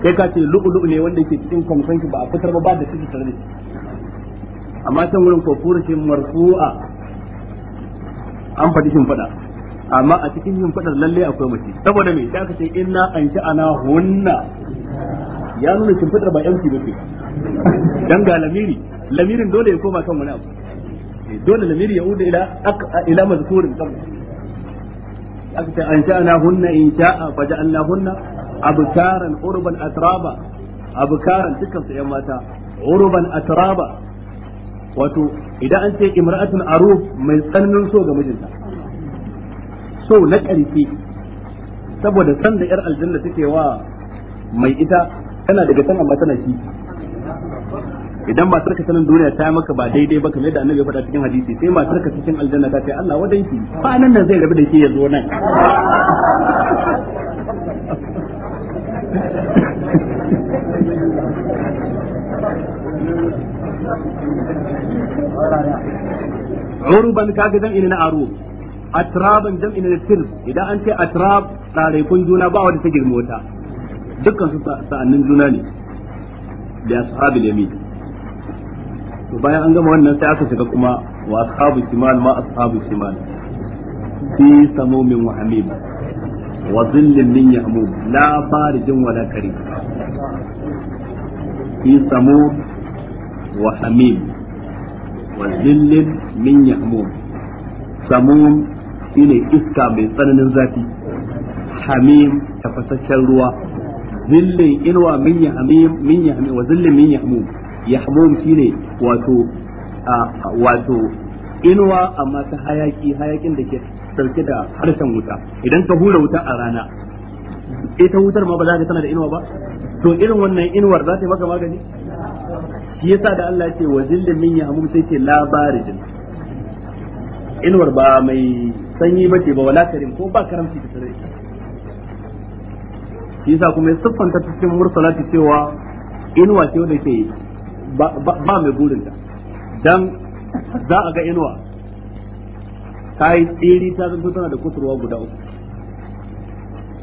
kai ka ce lu'lu'u ne wanda yake cikin kwamfan ba a fitar ba ba da cikin sarri amma can wurin ko furshin marfu'a an faɗi shin faɗa amma a cikin shin faɗar lalle akwai mace saboda me sai aka ce inna an ana hunna ya nuna shin faɗar ba yanci ba ce dan ga lamiri lamirin dole ya koma kan wani abu eh, dole lamiri ya uda ila ila mazkurin qabla aka ce an sha'ana hunna in sha'a fa ja'alna hunna abkaran urban atraba abkaran dukkan su mata urban atraba wato idan an ce imra'atun aruf mai tsananin so ga mijinta so na ƙarfi saboda san da yar aljanna take wa mai ita tana daga san amma tana kishi idan ba ka sanin duniya ta maka ba daidai ba kamar yadda annabi ya faɗa cikin hadisi sai matar ka cikin aljanna ta ce Allah wadai ki ba nan nan zai rabu da shi ya zo nan urban kaga dan ina na aro atraban dan ina na sir idan an ce atrab tsare kun juna ba wanda ta girma wata dukkan su sa'annin juna ne da ashabil yamin to bayan an gama wannan sai aka shiga kuma wa ashabu shimal ma ashabu shimal fi samumin wa hamim wa min yahmum la wa la karim fi samum wa hamim wa min yahmum samum shine iska mai tsananin zafi hamim tafasasshen ruwa zillin min yahmim min yahmim wa min yahmum yahmum shine wato wato inuwa amma ta hayaki hayakin da ke sarki da harshen wuta idan ka hura wuta a rana ita wutar ma ba za ka tana da inuwa ba to irin wannan inuwar za ta yi maka magani shi yasa da Allah ya ce wa zillin min yahmum sai ce labaridin inuwar ba mai sanyi ba ce ba wala karim ko ba karamci ta sarai shi yasa kuma ya siffanta cikin mursalati cewa inuwa ce wanda ke ba mai burinta dan za a ga inuwa ta yi tsiri ta zanto tana da kusurwa guda uku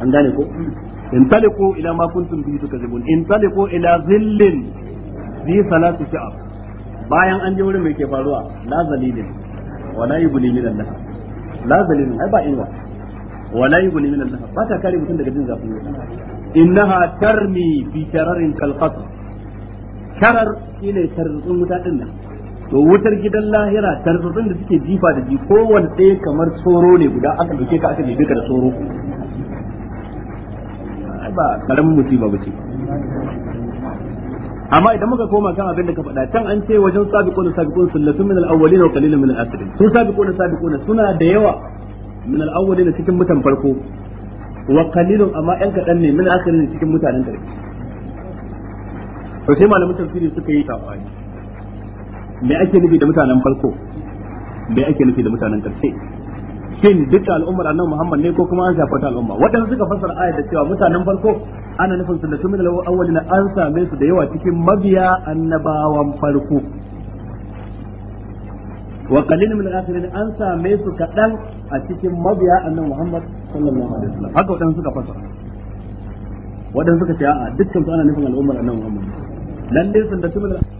an gane ko in taliku ila ma kuntum bihi tukazibun in taliko ila zillin bi salatu sha'ab bayan an je wurin mai ke faruwa la zalilin wa la yubli min Allah la zalilin ai ba inuwa wa la yubli min Allah ba ta kare mutum daga jin zafi innaha tarmi bi shararin kal qasr tarar shine tarzutsun wuta din nan to wutar gidan lahira tarzutsun da suke jifa da ji kowanne ɗaya kamar tsoro ne guda aka ɗauke ka aka jefe ka da tsoro ba karamin musiba ba ce amma idan muka koma kan abin da ka faɗa can an ce wajen sabiqun sabiqun sunnatun min al-awwalin wa qalilun min al-akhirin Sun sabiqun sabiqun suna da yawa min al-awwalin cikin mutan farko wa qalilun amma ɗan kadan ne min al-akhirin cikin mutanen karshe to sai malamin tafsiri suka yi tafani me ake nufi da mutanen farko me ake nufi da mutanen karshe shin duka al'ummar annabi Muhammad ne ko kuma an shafa ta al'umma waɗanda suka fassara ayar da cewa mutanen farko ana nufin su da su min al na an same su da yawa cikin mabiya annabawan farko wa qalil min al-akhirin an same su kadan a cikin mabiya annabi Muhammad sallallahu alaihi wasallam haka waɗanda suka fassara waɗanda suka ce a dukkan su ana nufin al'ummar annabi Muhammad lalle sun da tumul